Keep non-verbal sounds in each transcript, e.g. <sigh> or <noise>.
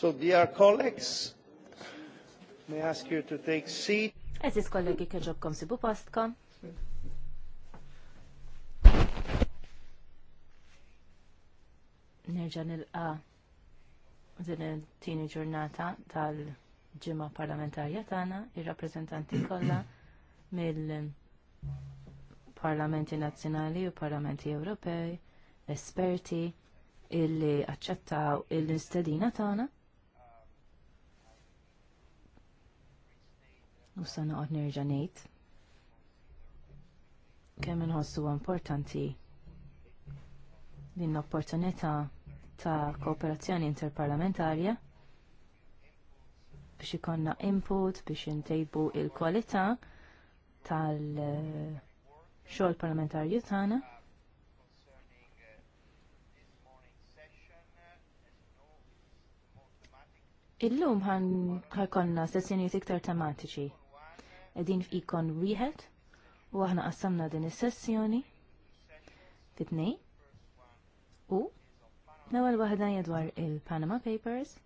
So, dear colleagues, may I ask you to take seat. is kollegi kħeġobkom sibu postkom. Nerġa nilqa din il-tini ġurnata tal-ġimma parlamentarja tagħna, ir-rappreżentanti kollha mill-parlamenti nazzjonali u parlamenti Ewropej, esperti illi aċċettaw il-istedina tagħna U sana għad nerġa' ngħid. Kemm inħossu importanti din l-opportunità ta' kooperazzjoni interparlamentarja biex ikonna input biex intejbu il kualita tal-xogħol parlamentarju tagħna. Illum ħan ħajkonna sessjonijiet iktar tematiċi qegħdin f'ikon wieħed u aħna qassamna din is-sessjoni fit-tnejn u l-ewwel waħda dwar il-Panama Papers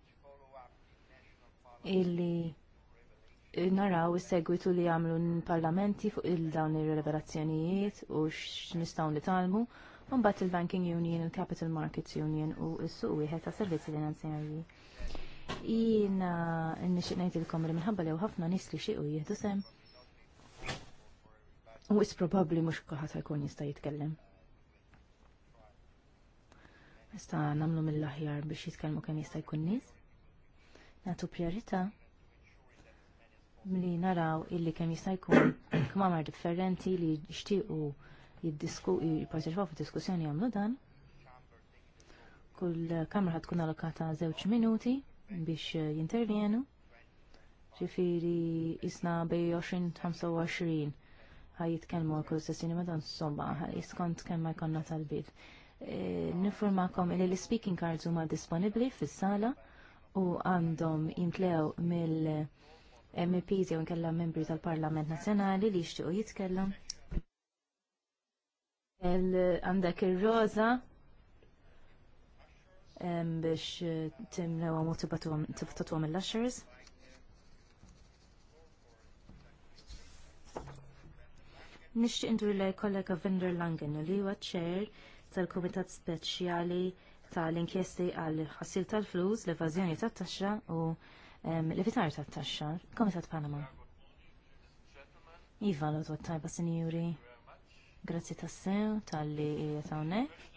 illi naraw is-segwitu li jagħmlu parlamenti fuq il-dawn ir-rivelazzjonijiet u x'nistgħu nitalmu mbagħad il-Banking Union, il-Capital Markets Union u s-suq wieħed ta' servizzi finanzjarji. Jina nixtieq ngħidilkom li minħabba li ħafna nies li xiequ jieħdu sem. U is probabbli mhux kulħadd jkun jista' jitkellem. Nista nagħmlu mill-aħjar biex jitkellmu kemm jista' jkun nies. Nagħtu priorità li naraw illi kemm jista' jkun <clears throat> kmamar differenti li jixtiequ jiddisku jipparteċipaw fid-diskussjoni għamlu dan. Kull kamra ħad tkun allokata żewġ minuti biex eh, jintervjenu. Ġifiri isna bej 20-25 ħaj jitkellmu għal kull ma dan somba jiskont kemm ma jkollna tal-bib. Eh, nifurmakom li l-speaking cards huma disponibbli fis-sala u għandhom jintlew mill eh, MPs jew inkella membri tal-Parlament Nazzjonali li jixtiequ jitkellem. Għandek ir-roza biex eh, timlewa mu tibbatu għam lashers Nishti indur li kollega Vinder Langen li huwa ċer tal-Kumitat Speċjali tal-inkjesti għal ħassil tal-flus, l-evażjoni tat-taxxa u l-evitar tat-taxxa, Kumitat Panama. Iva l-għodwa tajba sinjuri. Grazzi tassew tal-li jgħet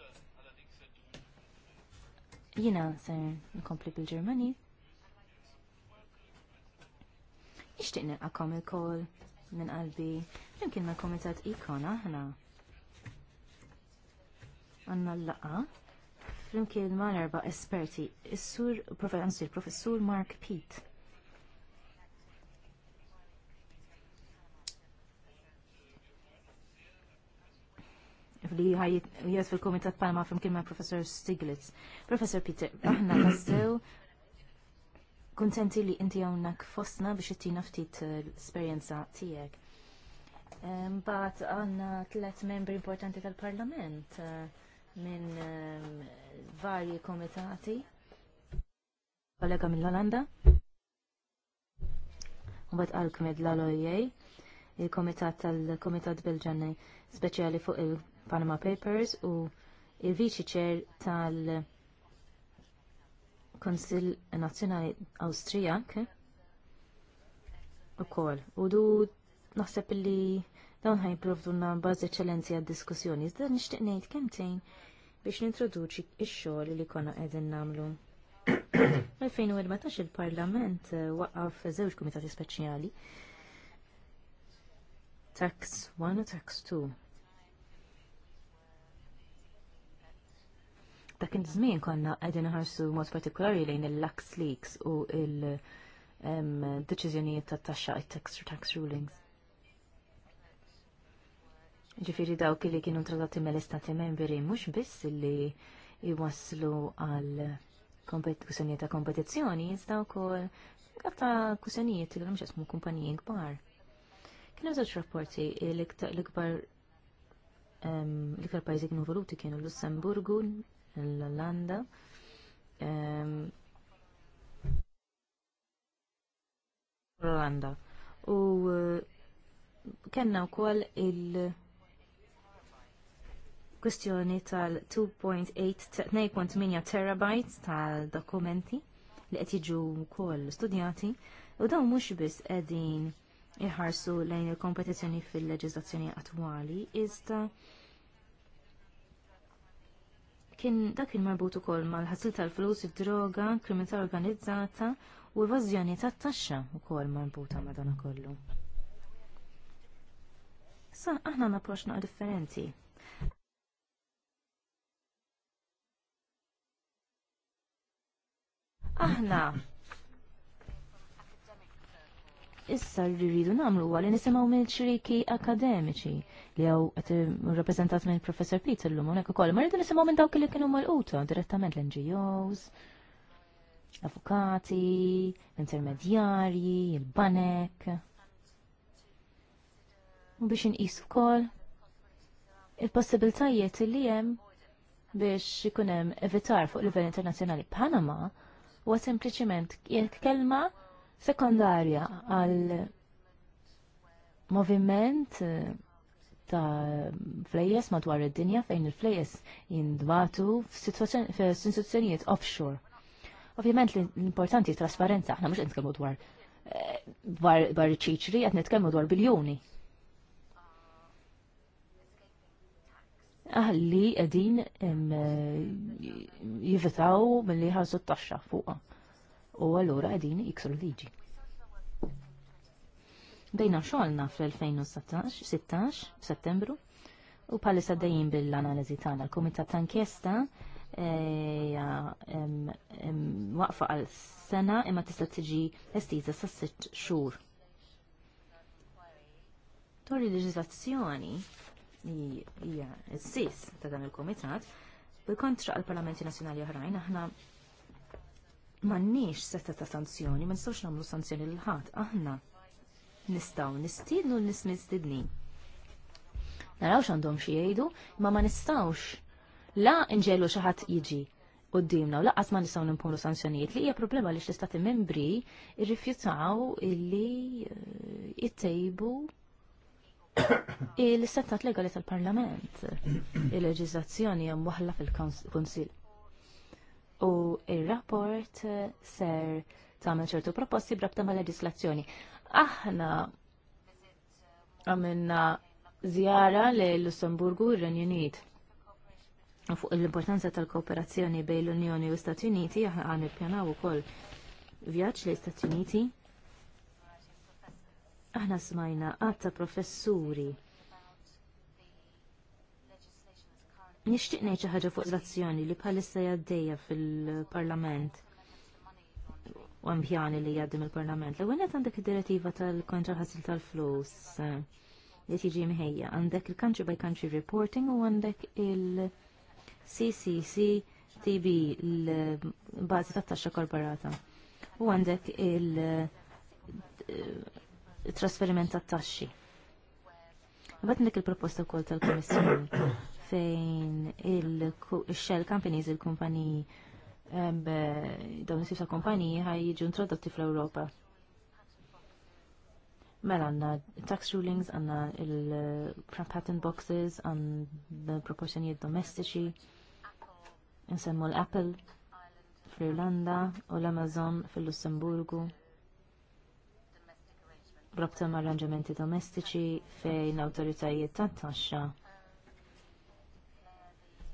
Jina ser nkompli bil-Ġermani. Ixtiq nilqakom il-kol minn qalbi flimkien ma' komitat ikon aħna. Għanna l-laqa flimkien ma' erba' esperti, is-sur professur Mark Pete li ħajjed fil-Komitat Palma fim ma' Professor Stiglitz. Professor Peter, aħna għastew, kontenti li inti hawnhekk fostna biex ittina ftit eh, l-esperjenza tiegħek. Bat għandna tliet membri importanti tal-Parlament eh, minn varji komitati. Kollega mill-Olanda. Mbagħad għal l-Alojej il-Komitat tal-Komitat Belġani speċjali fuq il Panama Papers u il-Viċi Chair tal-Konsil Nazzjonali Awstrijak ukoll. U du naħseb li dawn ħajprovdu na baż eċċellenzi għad-diskussjoni. Iżda nixtieq ngħid kemtejn biex nintroduċi x-xogħol li konna qegħdin nagħmlu. <coughs> u 2014 il-Parlament eh, waqqaf żewġ kumitati speċjali Tax 1 u Tax dak iż-żmien konna qegħdin nħarsu mod partikolari lejn il-lax leaks u il-deċiżjonijiet ta' taxxa tax tax rulings. Ġifieri dawk li kienu tradotti mill-istati membri mhux biss li jwaslu għal kwistjonijiet ta' kompetizzjoni, iżda wkoll ta' kwistjonijiet li mhux jasmu kumpaniji kbar. Kien hemm żewġ rapporti l-ikbar l-iktar pajjiżi kienu voluti kienu Lussemburgu, l-Olanda. Olanda. U u eh, wkoll il- kwestjoni tal-2.8 terabytes tal-dokumenti li qed jiġu wkoll studjati u dawn mhux biss qegħdin iħarsu lejn il kompetizzjoni fil-leġiżlazzjoni attwali iżda kien dak kien marbut ukoll mal-ħasil tal-flus, id-droga, kriminalità organizzata u evażjoni tat-taxxa wkoll marbuta ma' dan kollu. Sa aħna naproċ naqa' differenti. Aħna issa rridu namlu għalli nisimaw mill ċriki akademiċi li għaw rappresentat minn Professor Peter l-lum, unek u koll. Ma rridu nisimaw minn dawk li kienu mal-uta, direttament l-NGOs, l-avukati, l-intermedjarji, il-banek. U biex nqisu wkoll il-possibiltajiet li jem biex hemm evitar fuq livell internazjonali Panama huwa sempliċiment kelma sekondarja għal moviment eh, ta' flejjes madwar id-dinja fejn il-flejjes jindbatu f'istituzzjonijiet offshore. Ovvjament l-importanti trasparenza, aħna mhux qed nitkellmu dwar dwar eh, ċiċri, qed nitkellmu dwar biljuni. Aħli ah, qegħdin eh, jivitaw milli ħarsu t-taxxa fuqha. U allura qegħdin jiksru liġi. Bdejna xogħolna fl-2016 f'Settembru u bħalissa dejjin bil-analiżi tagħna l-Kumitat ta' inkjesta eh, waqfa għal sena imma tista' tiġi estiża sa' sitt xhur. Tor il-leġislazzjoni hija s-sis ta' dan il-Kumitat bil-kontra għal parlamenti nazzjonali oħrajn aħna m'għandniex setta ta' sanzjoni, ma nistgħux nagħmlu sanzjoni lil ħadd aħna nistaw nistidnu nismin stidnin. Narawx għandhom xie jgħidu, ma ma nistawx la nġelu xaħat jiġi d-dimna u laqqas ma nistgħu nimponu sanzjonijiet li hija problema li l-istati membri rrifjutaw illi jittejbu eh, <coughs> il-settat legali tal-parlament <coughs> il leġizazzjoni hemm waħla fil konsil U il rapport eh, ser tagħmel ċertu proposti brabta ma' leġislazzjoni. Aħna għamilna zjara li Lussemburgu u Renjunit. Fuq l-importanza tal-kooperazzjoni bejn l-Unjoni u Stati Uniti, aħna għan ippjanaw ukoll vjaġġ li Stati Uniti. Aħna smajna għatta professuri Nixtieq ngħid xi ħaġa fuq l-azzjoni li bħalissa għaddejja fil-Parlament u għambjani li jaddim il-Parlament. l għu qed għandek id-direttiva tal-kontra ħasil tal-flus li tiġi mħejja. Għandek il-country by country reporting u għandek il-CCC TB l-bażi tat-taxxa korporata. U għandek il-trasferiment eh, tat-taxxi. Għabat nek il-proposta wkoll tal-Komissjoni <coughs> fejn il-shell companies, il-kumpaniji dawn is-sib ta' kumpaniji ħaj jiġu introdotti fl-Ewropa. Mela għandna tax rulings, għandna il-patent boxes, għandna proporzjonijiet domestiċi, nsemmu l-Apple fl-Irlanda u l-Amazon fil-Lussemburgu. Rabta ma' arranġamenti domestiċi fejn autoritajiet tat-taxxa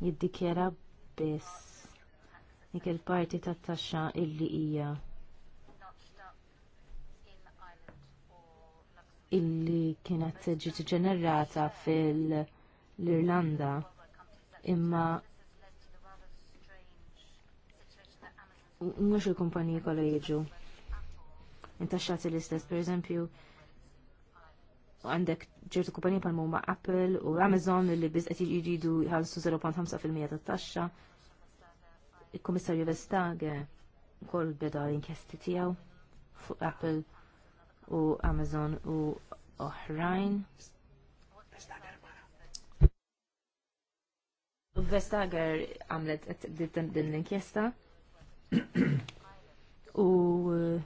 jiddikjera biss dik il-parti tat-taxxa illi hija illi kienet ġiet ġenerata fil-Irlanda imma mhux il-kumpaniji kollha jiġu intaxxat l-istess, pereżempju għandek ċertu kumpaniji bħal huma Apple u Amazon li biss qed jridu jħallsu 0.5% tat-taxxa il-Komissarju Vestager kol beda l-inkjesti tijaw fuq Apple u Amazon u oħrajn. Vestager għamlet din l-inkjesta u eh,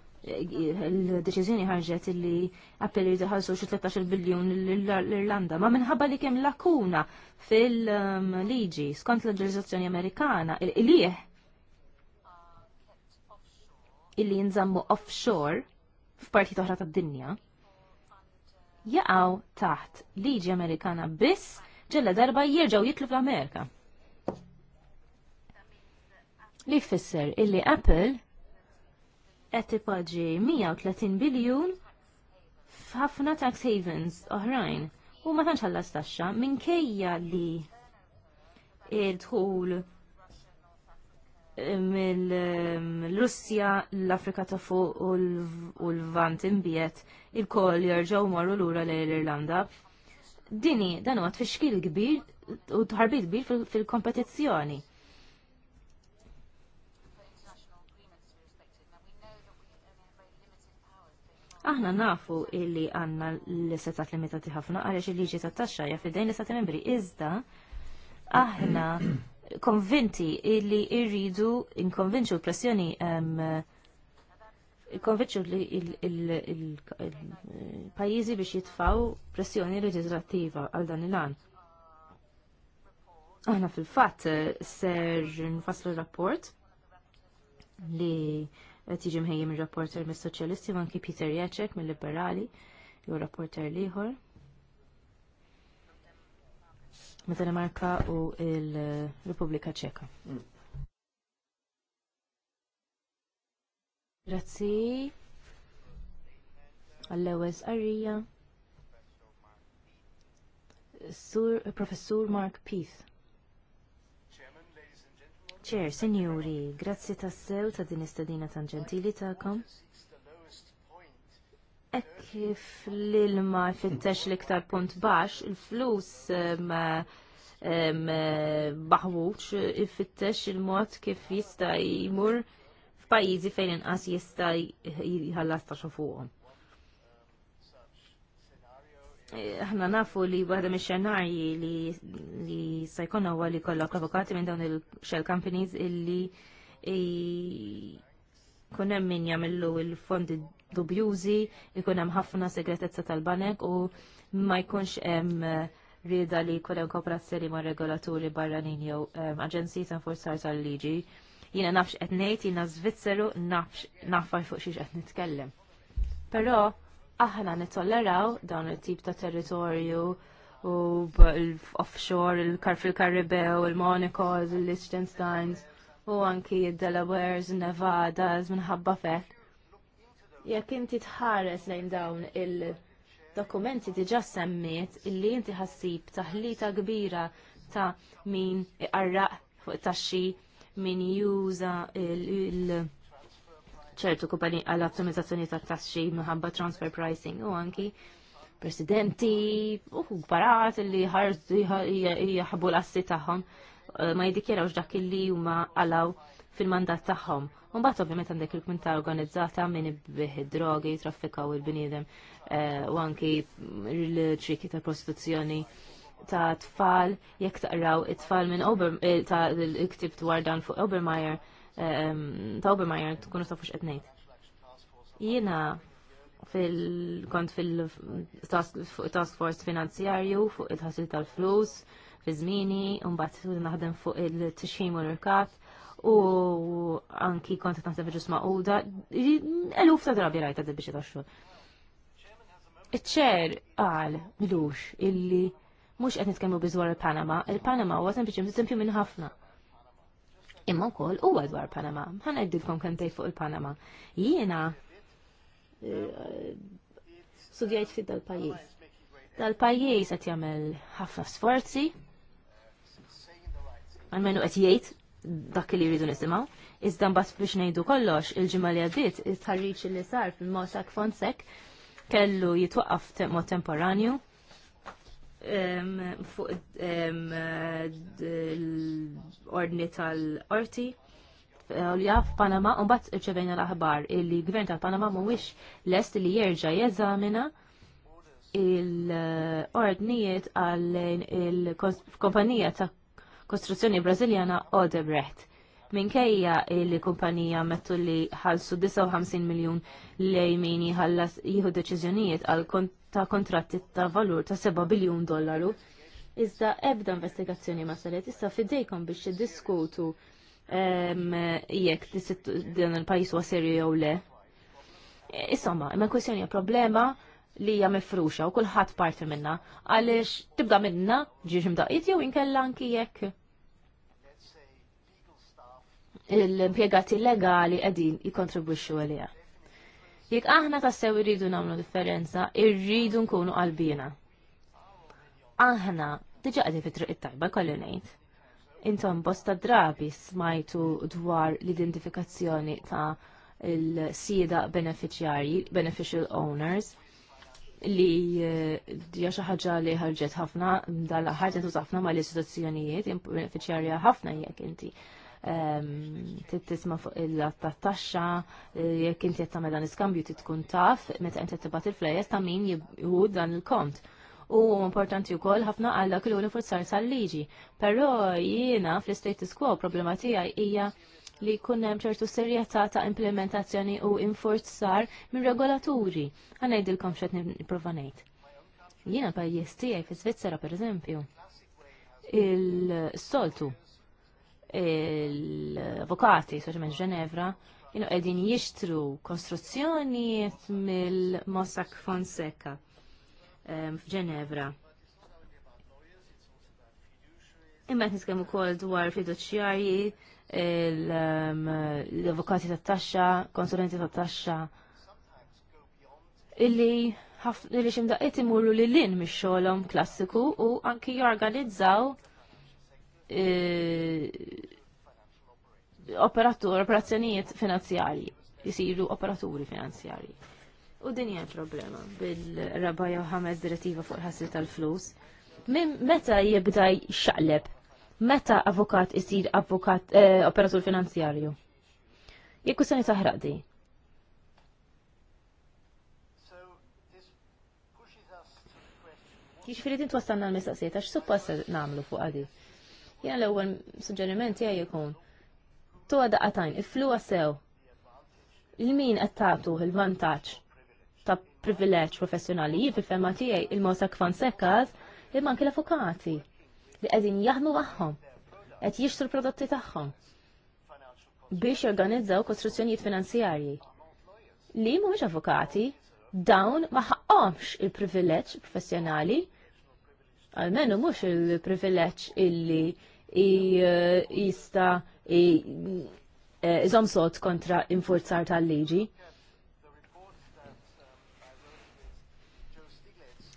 l-deċiżjoni ħarġet li appelli ħalsu xi 13 biljun l-Irlanda, ma minħabba li kemm lakuna fil-liġi um, skont l-ġurisdizzjoni Amerikana, il-lieħ illi jinżammu offshore f'parti toħra tad-dinja jaqgħu taħt liġi Amerikana biss ġella darba jirġgħu jitlu fl-Amerika. Li jfisser illi Apple qed tipaġi 130 biljun f'ħafna tax havens oħrajn u ma tantx ħallas taxxa minkejja li il-dħul mill-Russja, l-Afrika ta' fuq u l-Vant imbiet il-koll jarġaw marru lura lejn l-Irlanda. Dini, dan huwa tfixkil kbir u tħarbit kbir fil-kompetizzjoni. Aħna nafu illi għanna l-setat limitati ħafna għaliex il-liġi tat-taxxa hija dajn l-istat membri iżda aħna konvinti illi irridu inkonvinċu l-pressjoni konvinċu il-pajizi biex jitfaw pressjoni leġislattiva għal dan il-għan. Aħna fil-fat eh, ser nfasslu rapport li tiġi mħejjem il-rapporter mis-soċjalisti, manki Peter Jacek mill-liberali, jew rapporter liħor meta Danimarka u il-Repubblika Ċeka. Mm. Grazzi għall-ewwel arrija. Sur Professur Mark Peace. Chair, Signori, grazzi tassew ta' din istadina tangentili ta'kom. Ek kif l-ilma fittex l-iktar punt bax, il-flus um, um, baħwuċ fittex il-mod kif jista' jmur f'pajjiżi fejn inqas jista' jħallas ta' fuqhom. Eh, aħna nafu li waħda mix xenarji li se jkun huwa li kollok avukati minn dawn il-shell companies illi eh, kunem min jagħmlu il-fondi dubjużi, ikun hemm ħafna segretezza tal-banek u ma jkunx hemm eh, rieda li jkun hemm kooperazzjoni ma' regolaturi barranin jew eh, aġenziji ta' forzar tal-liġi. Jiena nafx qed ngħid, jiena Zvizzeru nafx nafaj fuq xiex qed nitkellem. Però aħna nitolleraw dawn it-tip ta' territorju u offshore, il-kar fil-Karibew, il-Monaco, il-Liechtensteins u anki il-Delawares, il-Nevadas, minħabba fekk jekk inti tħares lejn dawn il-dokumenti diġa semmiet illi inti ħassib taħlita kbira ta' min iqarraq fuq taxxi min juża il- ċertu kupani għall-ottimizzazzjoni ta' taxxi minħabba transfer pricing u anki presidenti u gbarat li ħarżu jaħbu l-assi tagħhom Eh, ma jiddikjerawx dak li huma għalaw fil-mandat tagħhom. Mbagħad ovvjament għandek il kmenta organizzata min id drogi, traffikaw il-bniedem eh, u anki l-triki ta' prostituzzjoni ta' tfal jekk taqraw it-tfal minn eh, ta' l-iktib dwar dan fuq Obermeyer ta' Obermeyer tkunu ta' fux ngħid. Jiena fil kont fil task force finanzjarju fuq il-ħasil tal-flus fi żmieni, mbagħad naħdem fuq il-tixim u l-irkat u anki kont qed naħseb ġus maquda, eluf ta' drabi rajta d biex xogħol. Iċ-ċer qal lux illi mhux qed nitkellmu biżwar il-Panama, il-Panama huwa sempliċi tempju minn ħafna. Imma wkoll huwa dwar Panama. ħan ngħidilkom kemm tgħid fuq il-Panama. Jiena eh, sudjajt fid dal-pajjiż. Dal-pajjiż qed jagħmel ħafna sforzi għalmenu qed jgħid dak li jridu nisimgħu. Iżda mbagħad biex ngħidu kollox il-ġimgħa li għaddiet it-tħarriġ li sar fil mosak Fonsek kellu jitwaqqaf mod temporanju fuq l-ordni tal-orti li Panama un bat ċevejna l-aħbar il-li gvern tal-Panama mhuwiex lest li jerġa' jeżamina il-ordnijiet għal il-kompanija ta' kostruzzjoni Brażiljana Odebrecht. Minkejja li kumpanija mettu li ħalsu 59 miljun lejmini ħallas jieħu deċiżjonijiet għal ta' kontratti ta' valur ta' 7 biljun dollaru. Iżda ebda investigazzjoni ma saret, issa fidejkom biex diskutu jekk dan il-pajis wa serju jew le. Insomma, imma kwestjoni problema li hija mifruxa u kulħadd parti minna għaliex tibda minna ġiex imdaqqiet jew inkella anki jekk l-impiegati legali qegħdin jikontribuċu għaliha. Jek aħna tassew irridu nagħmlu differenza, irridu nkunu qalbina. Aħna diġa għedin fitru triq it-tajba kolli ngħid. Intom bosta drabi smajtu dwar l-identifikazzjoni ta' il-sieda beneficjarji, beneficial owners, li dija eh, xi ħaġa li ħarġet ħafna dalla ħarġet użafna ħafna mal-istituzzjonijiet beneficiari ħafna jekk inti tisma fuq il-latta eh, jekk inti qed tagħmel dan iskambju titkun taf meta inti tibgħat il-flejes ta' min jieħu dan il-kont. U importanti wkoll ħafna għal dak li forzar sal-liġi. Però jiena fl-status quo problema tiegħi hija li jkun hemm ċertu serjetà ta' implementazzjoni u infurzar minn regolaturi. Għanajdilkom xed nipprova ngħid. Jiena pajjiż tiegħi fi Svizzera pereżempju. Il-soltu l-avokati, soċement Ġenevra, kienu qegħdin jixtru konstruzzjoni mill-Mossack Fonseca ehm, f'Ġenevra. Imma qed nitkellmu wkoll dwar fiduċjarji, ehm, l-avukati tat-taxxa, konsulenti tat-taxxa illi li ximdaqiet imurru lil-lin mix-xogħolhom klassiku u anki jorganizzaw Eh, operatur, operazzjonijiet finanzjarji, jisiru operaturi finanzjari. U din hija problema bil-raba jew ħames direttiva fuq ħassil tal-flus. Min meta jibda xaqleb Meta avukat isir avukat eh, operatur finanzjarju? Jekk sani taħraq di? Jiġifieri firidin twassalna l-mistaqsijiet għax suppost nagħmlu fuq għadi. Jena l-ewwel suġġeriment tiegħi jkun. Tuwa daqatajn, flu sew. Il-min qed tagħtu il-vantaġġ ta' privileġġ professjonali jien femma fema tiegħi il kfan sekkaz, imma anke l-avukati li qegħdin jahmu magħhom qed jixtru l-prodotti tagħhom biex jorganizzaw kostruzzjonijiet finanzjarji li mhumiex avukati dawn ma ħaqqomx il-privileġġ professjonali għalmenu mux il-privileċ illi eh, jista eh, iżom sot kontra infurzar tal-liġi.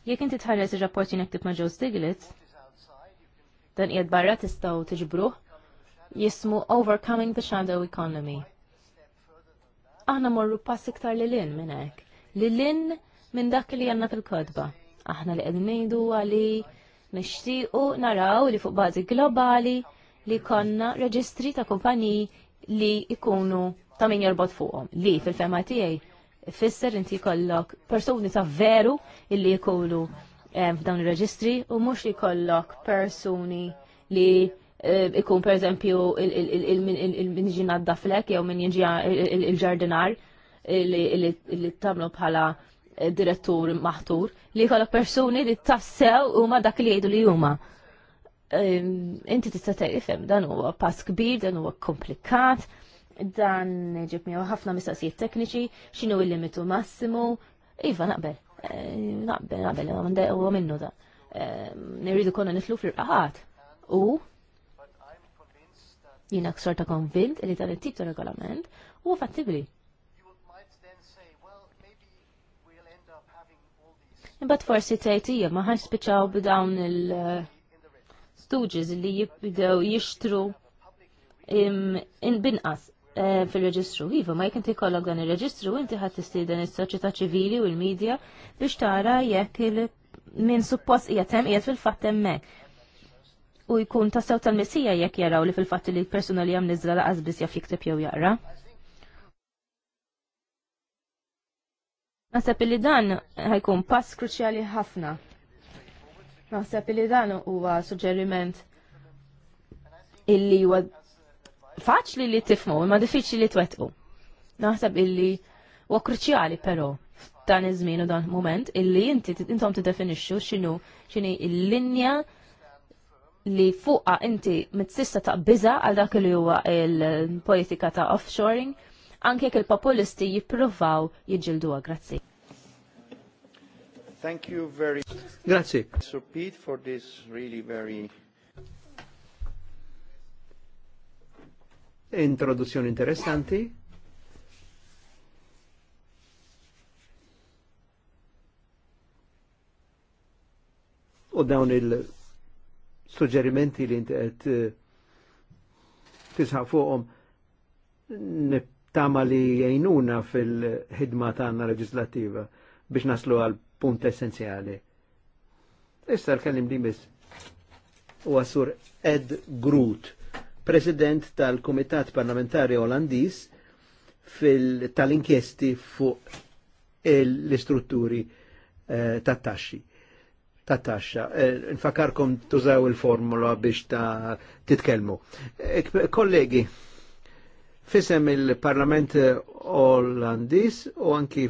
Jek inti tħares il-rapport jinektib ma' Joe Stiglitz, dan qiegħed barra tistgħu tiġbruh jismu Overcoming the Shadow Economy. Aħna morru pass iktar li l minn hekk, li l-in minn dak li għanna fil-kodba. Aħna li qegħdin ngħidu għali nixtiequ naraw li fuq bażi globali li konna reġistri ta' kumpaniji li ikunu ta' min jorbot fuqhom li fil-fema tiegħi fisser inti kollok persuni ta' veru illi ikunu f'dawn ir-reġistri u mhux li kollok persuni li ikun per eżempju il-min d-daflek jew min jiġi il-ġardinar li tamlu bħala direttur maħtur li jkollok persuni li tassew huma dak li jgħidu li huma. Ehm, inti tista' tifhem dan huwa pass kbir, dan huwa komplikat, dan ġib ħafna mistaqsijiet tekniċi, x'inhu l-limitu massimu, iva naqbel. Ehm, naqbel, naqbel, għandek huwa minnu da. Ehm, nirridu konna nitlu fl-irqaħat. U jina ksorta konvint li dan it-tip ta' regolament huwa fattibli. Imbagħad forsi tgħid hija ma spiċċaw b'dawn il-stooges li jibdew jixtru binqas eh, fil-reġistru. Iva, ma jkun jkollok dan ir-reġistru inti ħadd dan is-soċjetà ċivili u l-medja biex tara jekk min suppost qiegħed hemm qiegħed fil-fatt hemmhekk. U jkun tas-sew tal-missija jekk jaraw li fil-fatt li l-persuna li hemm niżla laqas biss jaf jiktib jew jaqra. Naħseb li dan ħajkun pass kruċjali ħafna. Naħseb li dan huwa suġġeriment illi huwa faċli li tifmu, imma diffiċli li twettqu. Naħseb illi huwa kruċjali però dan iż-żmien u dan moment illi inti intom tiddefinixxu x'inhu x'inhi l-linja li fuqa inti mit-sista taqbiża għal dak li huwa il-politika ta' offshoring anke jekk il-populisti jippruvaw jiġilduha. Grazzi. Thank you very Grazie. Sir Pete for this really very introduzzjoni interessanti. U dawn il suggerimenti li inti qed eh, tisħaq tama li jajnuna fil-ħidma tagħna leġislattiva biex naslu għal punt essenzjali. Issa l-kellim li mis u għasur Ed Groot, president tal-Komitat Parlamentari Olandis tal-inkjesti fuq l-istrutturi eh, ta' tat-taxxi ta' taxxa. Eh, nfakarkom tużaw il-formula biex ta' titkelmu. Eh, kollegi, fisem il-Parlament Ollandis u anki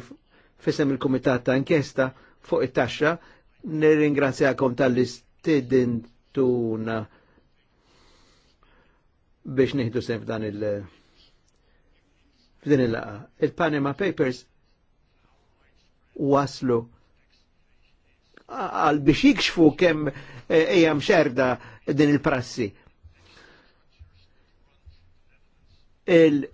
fisem il-Kumitat ta' inkjesta fuq it-taxxa. Nirringrazzjakom tal-istidintuna biex nieħdu sem f'dan il- f'din il-laqa. Il-Panama Papers waslu għal biex jikxfu kemm eh, ejjam xerda din il-prassi il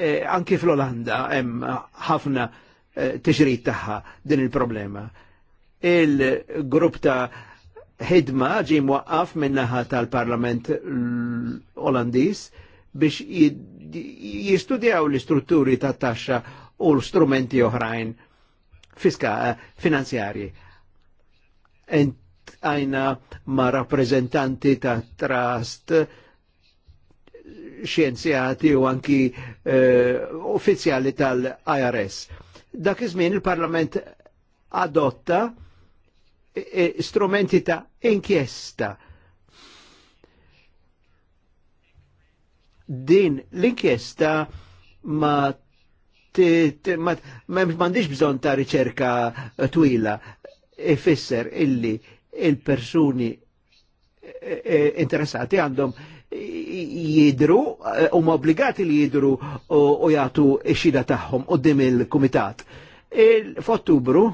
eh, anki fl-Olanda hemm ħafna eh, tiġrid tagħha din il-problema. Il-grupp ta' ħidma ġi mwaqqaf minnaħa tal-Parlament Olandiż biex jistudjaw l-istrutturi ta' taxxa u l-strumenti oħrajn fiska finanzjarji. Ent ma' rappresentanti ta' trust xjenzjati u anki eh, uffizjali tal-IRS. Dak iż-żmien il-Parlament adotta eh, strumenti ta' inkjesta. Din l-inkjesta ma m'għandix bżonn ta' riċerka twila ifisser illi il-persuni eh, interessati għandhom jidru, eh, u obbligati li jidru u jgħatu xida tagħhom dim il-Kumitat. Il F'Ottubru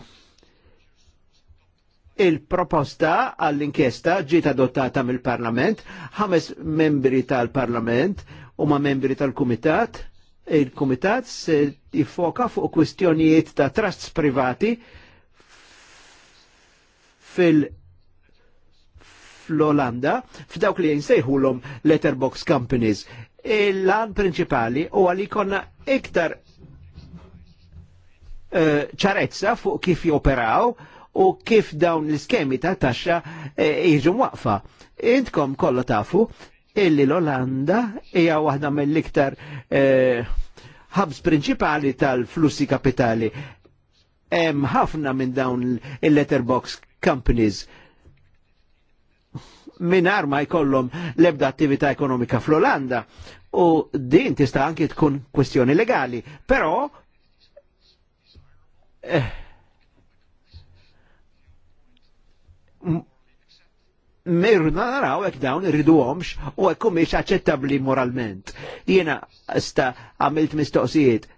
il-proposta għall-inkjesta ġiet adottata mill-Parlament, ħames membri tal-Parlament u ma membri tal-Kumitat, il-Kumitat se jiffoka fuq kwistjonijiet ta' trusts privati fil- fl-Olanda f'dawk li l-om letterbox companies. Il-lan prinċipali u għalli konna iktar eh, ċarezza uh, fuq kif joperaw u kif dawn l-iskemi ta' taxxa eh, jiġu waqfa. Intkom kollu tafu illi l-Olanda hija waħda mill-iktar ħabs eh, e, prinċipali tal-flussi kapitali. Hemm ħafna minn dawn il-letterbox companies minar ma jkollhom lebda attività ekonomika fl-Olanda. U din tista' anki tkun kwestjoni legali, però eh, mirna naraw jekk dawn irriduhomx u hekk kumiex aċċettabbli moralment. Jiena sta għamilt mistoqsijiet.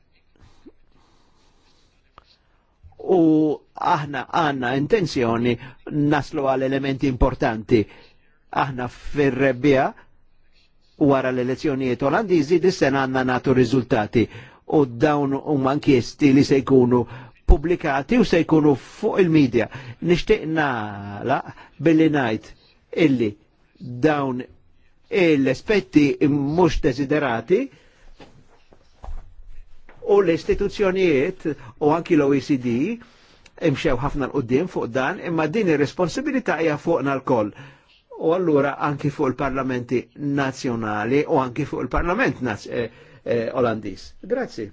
U aħna għanna intenzjoni naslu għal elementi importanti aħna fir-rebbija wara l-elezzjonijiet Olandiżi dis-sena għanna natu riżultati u dawn huma inkjesti li se jkunu pubblikati u se jkunu fuq il-medja. Nixtieq la billi ngħid illi dawn l-aspetti mhux desiderati u l-istituzzjonijiet u anki l-OECD imxew ħafna l-qoddim fuq dan imma din ir-responsabilità hija fuqna l-koll u allura anki fuq il-parlamenti nazjonali u anki fuq il-parlament eh, eh, olandis. Grazzi.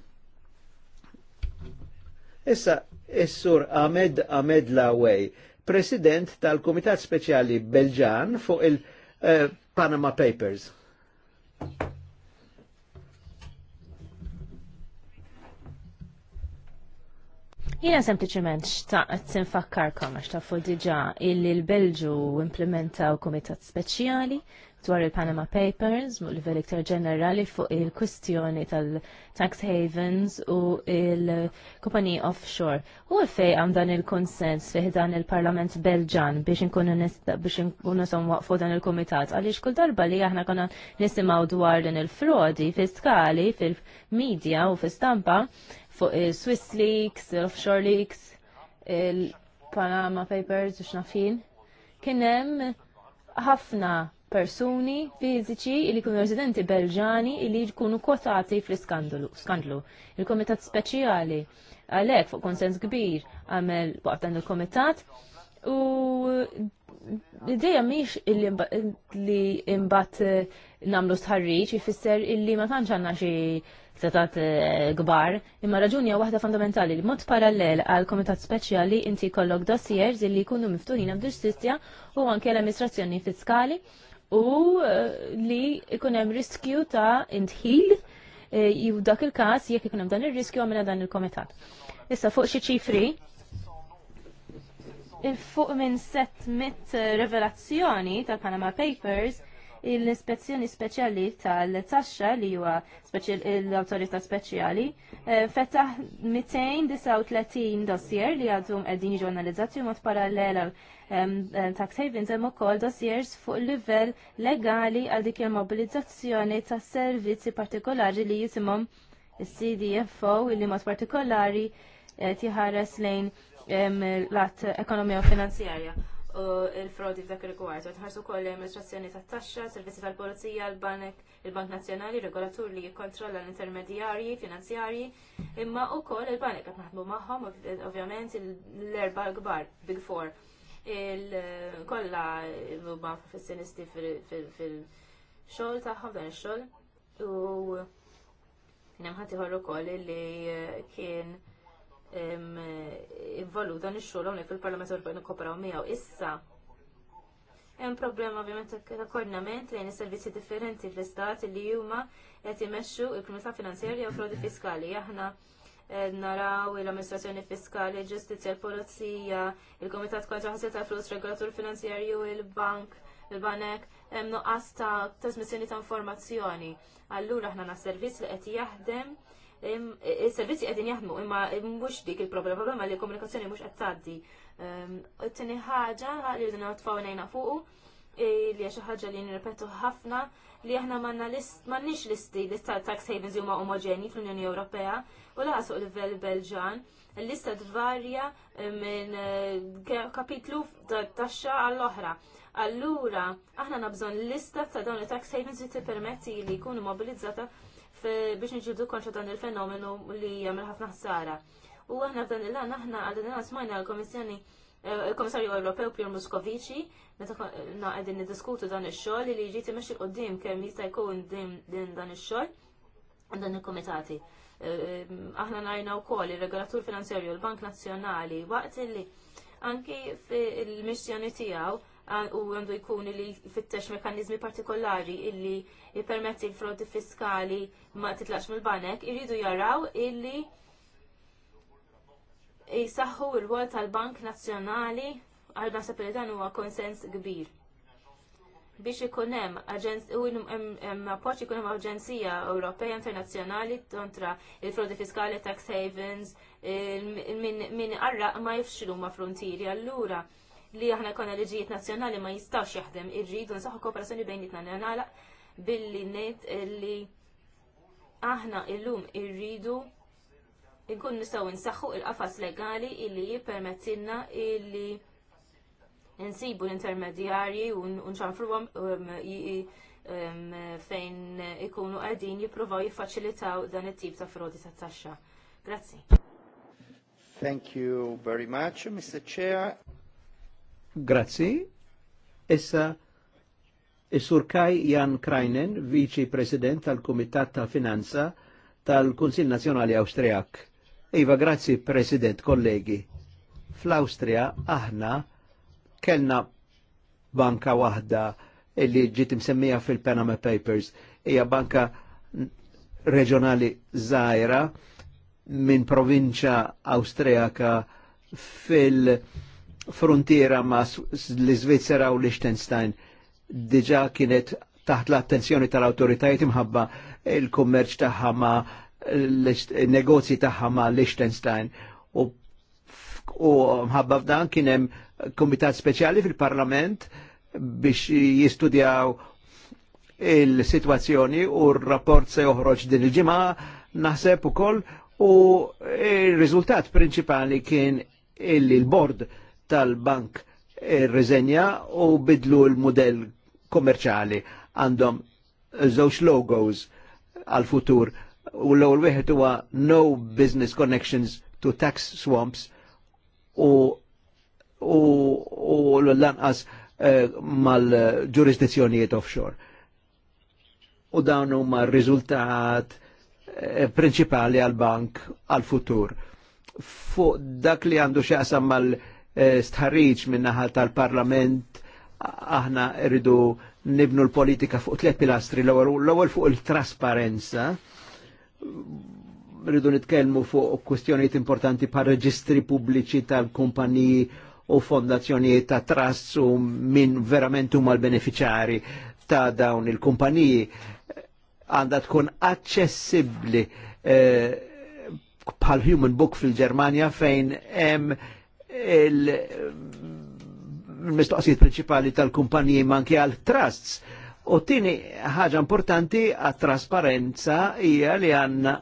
Issa, Is-Sur Ahmed Ahmed Laway, President tal-Kumitat Speċjali Belġan fuq il-Panama eh, Papers. Jina sempliciment xtaqt nfakkarkom għax tafu diġa illi l-Belġu implementaw komitat speċjali dwar il-Panama Papers mu livell iktar ġenerali fuq il-kwistjoni tal-tax havens u il kumpani offshore. U fej għam dan il-konsens fih dan il-Parlament Belġan biex nkunu biex nkunu son waqfu dan il-komitat għaliex kull darba li aħna konna nisimaw dwar din il-frodi fiskali fil-medja u fil-stampa fuq Swiss Leaks, Offshore Leaks, il-Panama Papers u xnafin. Kienem ħafna persuni fiziċi li kunu residenti belġani li jkunu kotati fl-skandlu. Skandlu. Il-komitat speċjali għalek fuq konsens kbir għamel waqt dan il-komitat u l-ideja miex li imbat namlu sħarriċ jfisser illi ma tantx għandna xi setat eh, gbar, imma raġunja waħda fundamentali li mod parallel għal komitat speċjali inti kollok dossiers li jkunu miftunin għab ġustizja u anke l-amministrazzjoni fiskali u eh, li ikun hemm riskju ta' intħil eh, jew dak il-każ jekk ikun hemm dan ir-riskju għamilha dan il-komitat. Issa fuq xi ċifri fuq minn 700 revelazzjoni tal-Panama Papers l-ispezzjoni speċjali tal-taxxa li huwa l-awtorità speċjali eh, fetaħ 239 dossier li għadhom qegħdin jiġu analizzati mod parallela tax havens hemm ukoll dossiers fuq livell legali għal dik il-mobilizzazzjoni ta' servizzi partikolari li jisimhom is-CDFO li mod partikolari eh, tiħares lejn l-att ekonomija u finanzjarja il-frodi f'dak il-rigward. Tħarsu koll l-amministrazzjoni tat taxxa, servizzi tal-polizija, l-banek, il-Bank Nazzjonali, regolatur li jikkontrolla l-intermedjarji finanzjarji, imma wkoll il-banek qed naħdmu magħhom, ovvjament l-erba kbar, Big Four. Kolla l huma professjonisti fil-xogħol taħħom, dan il-xol. u kien hemm ħadd ukoll li kien involut dan ix-xogħol hawnhekk fil-Parlament Ewropew nikkooperaw miegħu issa. Hemm problema ovvjament ta' koordinament lejn is-servizzi differenti fl-istat li huma qed imexxu l-kriminalità finanzjarja u frodi fiskali. Aħna eh, naraw l-amministrazzjoni fiskali, l-ġustizja, l-polizija, il-komitat kontra ħasil ta' flus, regolatur finanzjarju, il-bank, il-banek, hemm nuqqas ta' trasmissjoni ta' informazzjoni. Allura aħna na' servizz li qed jaħdem il-servizzi qegħdin jaħdmu imma mhux dik il-problema, problema li l-komunikazzjoni mhux qed Il-tini ehm, ħaġa li għedin għatfaw ngħinha fuqu li xi ħaġa li nirrepetu ħafna li aħna m'għandniex listi lista tax havens huma omogeni fl-Unjoni Ewropea u laqas l-vel Belġan. Il-lista tvarja eh, minn eh, kapitlu ta' taxxa għall-oħra. Allura, aħna nabżon lista ta' dawn il tax havens li tippermetti li jkunu mobilizzata biex nġibdu kontra dan il-fenomenu li jagħmel ħafna ħsara. U aħna f'dan il-lan aħna għadin smajna l-Komissjoni eh, il-Komissarju Ewropew Pjor Muskovici, meta qegħdin diskutu dan ix xol li ġiti meċi l kem kemm jista' jkun din dan ix-xogħol dan il-komitati. Eh, aħna najna wkoll ir-regolatur finanzjarju l-Bank Nazzjonali waqt li anki fil-missjoni tiegħu u għandu jkun li jfittex mekanizmi partikolari illi jipermetti l-frodi fiskali ma titlaqx mill-banek, irridu jaraw illi jisaxħu il-wol tal-Bank Nazzjonali għal nasab li dan huwa konsens kbir. Biex ikun hemm appoġġ ikun hemm Aġenzija Ewropea Internazzjonali kontra il-frodi fiskali, tax havens, minn min ma jifx ma frontieri allura li aħna jkollna liġijiet nazzjonali ma jistax jaħdem irridu nsaħħu kooperazzjoni bejnietna nagħlaq billi ngħid li aħna illum irridu nkun nistgħu nsaħħu il-qafas legali illi jippermettilna illi nsibu l-intermedjarji u nċanfruhom um, um, fejn ikunu qegħdin jippruvaw jiffaċilitaw dan it-tip ta' frodi tat-taxxa. Grazzi. Thank you very much, Mr. Chair. Grazzi. Issa Is-Sur Kaj Jan Krajnen, Viċi President tal-Kumitat ta' Finanza tal-Kunsil Nazzjonali Awstrijak. Iva, grazzi President, kollegi. Fl-Awstrija aħna kellna banka waħda illi ġiet msemmija fil-Panama Papers. Hija banka reġjonali żgħira minn provinċja Awstrijaka fil- frontiera ma' l-Svizzera u l-Liechtenstein diġa kienet taħt l-attenzjoni tal-autoritajiet imħabba il-kummerċ taħħa ma' il-negozji taħħa ma' Liechtenstein u u mħabba f'dan kien hemm kumitat speċjali fil-Parlament biex jistudjaw il-sitwazzjoni u r-rapport se joħroġ din il-ġimgħa naħseb ukoll u il-riżultat prinċipali kien il bord il tal-bank rriżenja u bidlu l-modell kommerċali għandhom żewġ logos għal-futur u l-ewwel wieħed huwa no business connections to tax swamps u u, u l-lanqas uh, mal-ġurisdizzjonijiet offshore. U dawn huma r-riżultat eh, prinċipali għal-bank għal-futur. Fuq dak li għandu xaqsam mal- Eh, stħarriġ minnaħa tal-parlament aħna rridu nibnu l-politika fuq tliet pilastri l-ewwel fuq il-trasparenza rridu nitkellmu fuq kwestjonijiet importanti par reġistri pubbliċi tal-kumpaniji u fondazzjonijiet ta' trust u minn verament huma l-beneficjari ta' dawn il-kumpaniji għandha tkun aċċessibbli eh, bħal human book fil-Ġermanja fejn hemm il-mistoqsijiet principali tal-kumpanji manki għal trusts. U tini ħaġa importanti għat trasparenza hija li għanna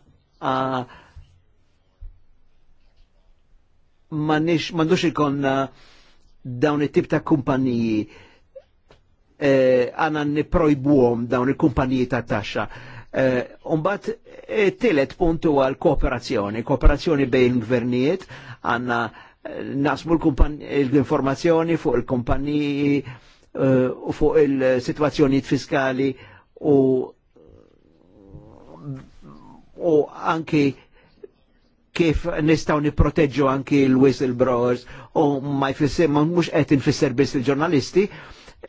mandux ikon dawn it-tip ta' kumpaniji e, għanna għana niprojbuhom dawn il-kumpaniji ta' taxxa. E, Umbat, e, telet puntu għal kooperazzjoni, kooperazzjoni bejn gvernijiet, għanna Nasmu l-informazzjoni fuq il-kumpaniji eh, u fuq il situazzjoni fiskali u u anki kif nistaw niproteġu anki l-whistleblowers u ma jfisser, mux qed infisser biss il-ġurnalisti,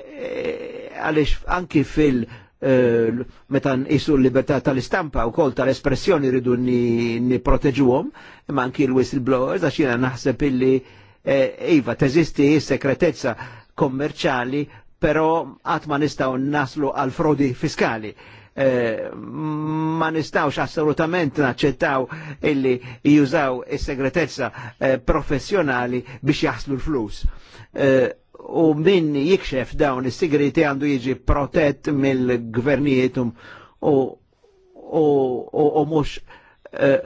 eh, għalix anki fil- Eh, meta nqisu l-libertà tal-istampa u kol tal-espressjoni rridu niproteġuhom, imma anki l-whistleblowers għax jiena naħseb illi eh, iva teżisti segretezza kommerċali, però għat ma nistaw naslu għal frodi fiskali. Eh, ma nistawx assolutament naċċettaw illi jużaw is-segretezza professjonali biex jaħslu l-flus u min jikxef dawn is-sigriti għandu jiġi protett mill-gvernijiet um, u u mhux e,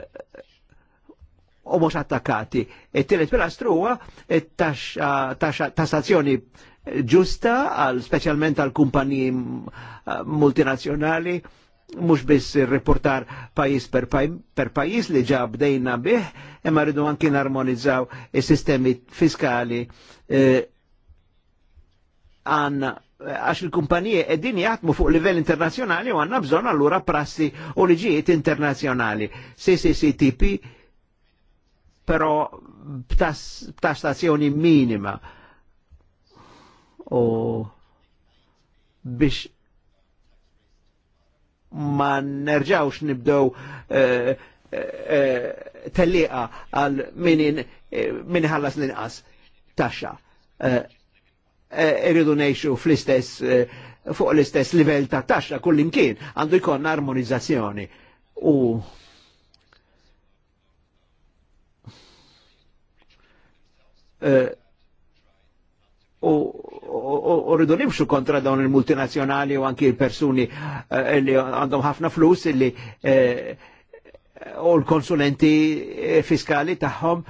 u mux attakati. It-tielet pilastru huwa tassazzjoni ġusta għal speċjalment għal kumpaniji multinazjonali mhux biss reportar pajis per, per pajis li ġa bdejna bih, imma rridu anki narmonizzaw is-sistemi fiskali eh, għanna għax il-kumpanije edin jgħatmu fuq livell internazjonali u għanna bżon għallura prassi u liġijiet internazjonali. CCCTP pero ta' stazzjoni minima. U biex ma nerġawx nibdew eh, eh, eh telliqa għal minin eh, ħallas l-inqas taxxa. Eh, Eh, irridu nejxu fl-istess eh, fuq l-istess livell ta' taxxa kullimkien għandu jkun armonizzazzjoni u eh, u rridu nimxu kontra dawn il-multinazzjonali u anki il-persuni li għandhom ħafna flus illi u l-konsulenti fiskali tagħhom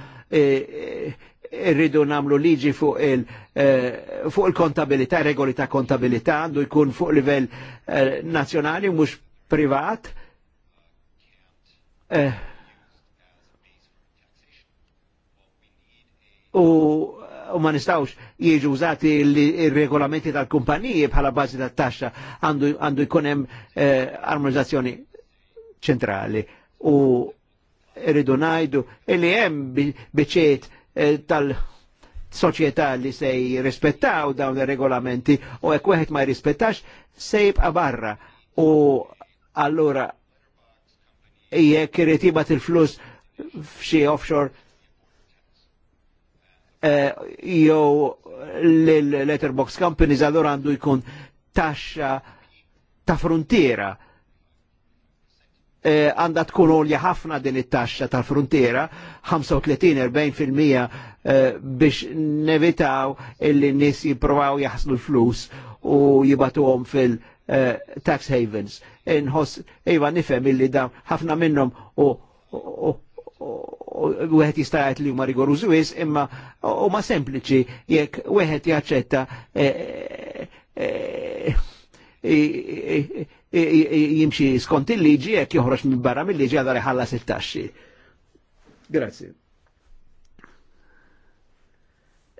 irridu namlu liġi fuq il- eh, fuq il-kontabilità, regoli ta' kontabilità, għandu jkun fuq livell eh, nazjonali mux privat. Eh, u u ma nistawx jieġu użati il-regolamenti tal-kumpaniji bħala bazi tal taxxa għandu jkun hemm eh, armonizzazzjoni ċentrali u rridu ngħidu li hemm biċċiet bi Eh, tal soċjetà li se jirrispettaw dawn ir-regolamenti u hekk wieħed ma jirrispettax se jibqa' barra u allura jekk irid jibgħat il-flus f'xi offshore eh, jew l-letterbox companies allura għandu jkun taxxa ta' frontiera Eh, għandha tkun olja ħafna din it-taxxa tal-frontiera, 35-40% eh, biex nevitaw illi n-nies jipprovaw jaħslu l-flus u jibatuhom fil-tax eh, havens. Inħoss, iva nifhem illi da ħafna minnhom u wieħed jista' jgħid li huma rigorużi wis, imma huma sempliċi jekk wieħed jaċċetta jimxi skont il-liġi jekk joħroġ minn barra mill-liġi għadha iħallas il taxxi Grazzi.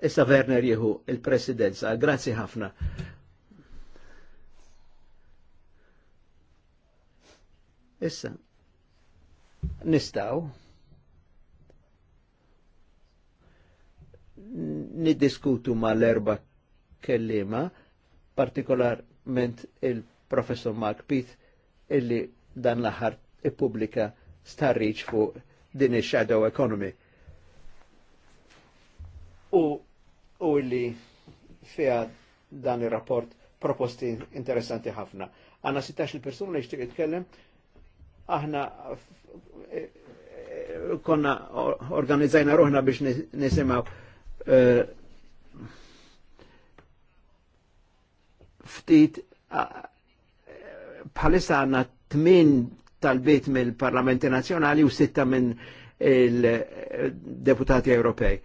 Issa Werner jieħu il-presidenza, grazzi ħafna. Issa, nistaw niddiskutu ma l-erba kellima, partikolarment il- professor Mark Pitt illi dan l-aħħar ippubblika starriċ fuq din il-shadow economy. U, u illi fija dan il-rapport proposti interessanti ħafna. Għanna 16 persuna li jishtiq jitkellem, aħna e- e- konna organizzajna ruħna biex nisimaw e, ftit bħalissa għanna tmien tal-bit mill-Parlamenti Nazjonali u sitta minn il-deputati Ewropej.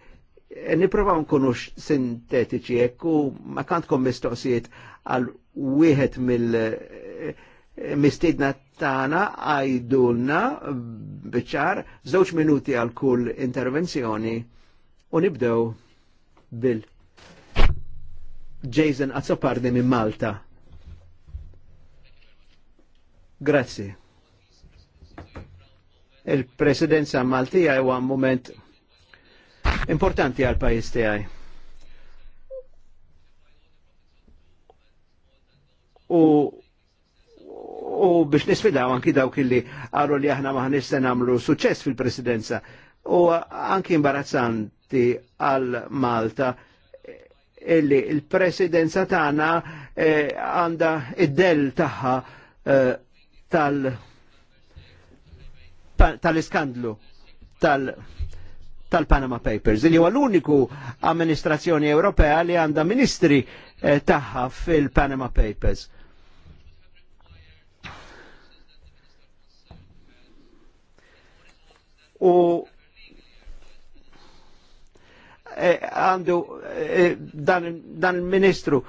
E, Niprofaw nkunu sintetiċi ekku ma kantkom mistoqsijiet għal wieħed mill-mistidna eh, tana għajdulna bċar żewġ minuti għal kull intervenzjoni u nibdew bil Jason Azzopardi minn Malta. Grazzi. Il-presidenza Maltija huwa moment importanti għal pajis tiegħi. U u biex nisfidaw anki dawk illi għarru li aħna maħnix se namlu suċess fil-presidenza. U anki imbarazzanti għal Malta illi il-presidenza tagħna eh, għanda e, id-del tagħha eh, tal tal-iskandlu tal tal-Panama Papers, li huwa l-uniku amministrazzjoni Ewropea li għandha ministri eh, tagħha fil-Panama Papers. U eh, għandu eh, dan il-ministru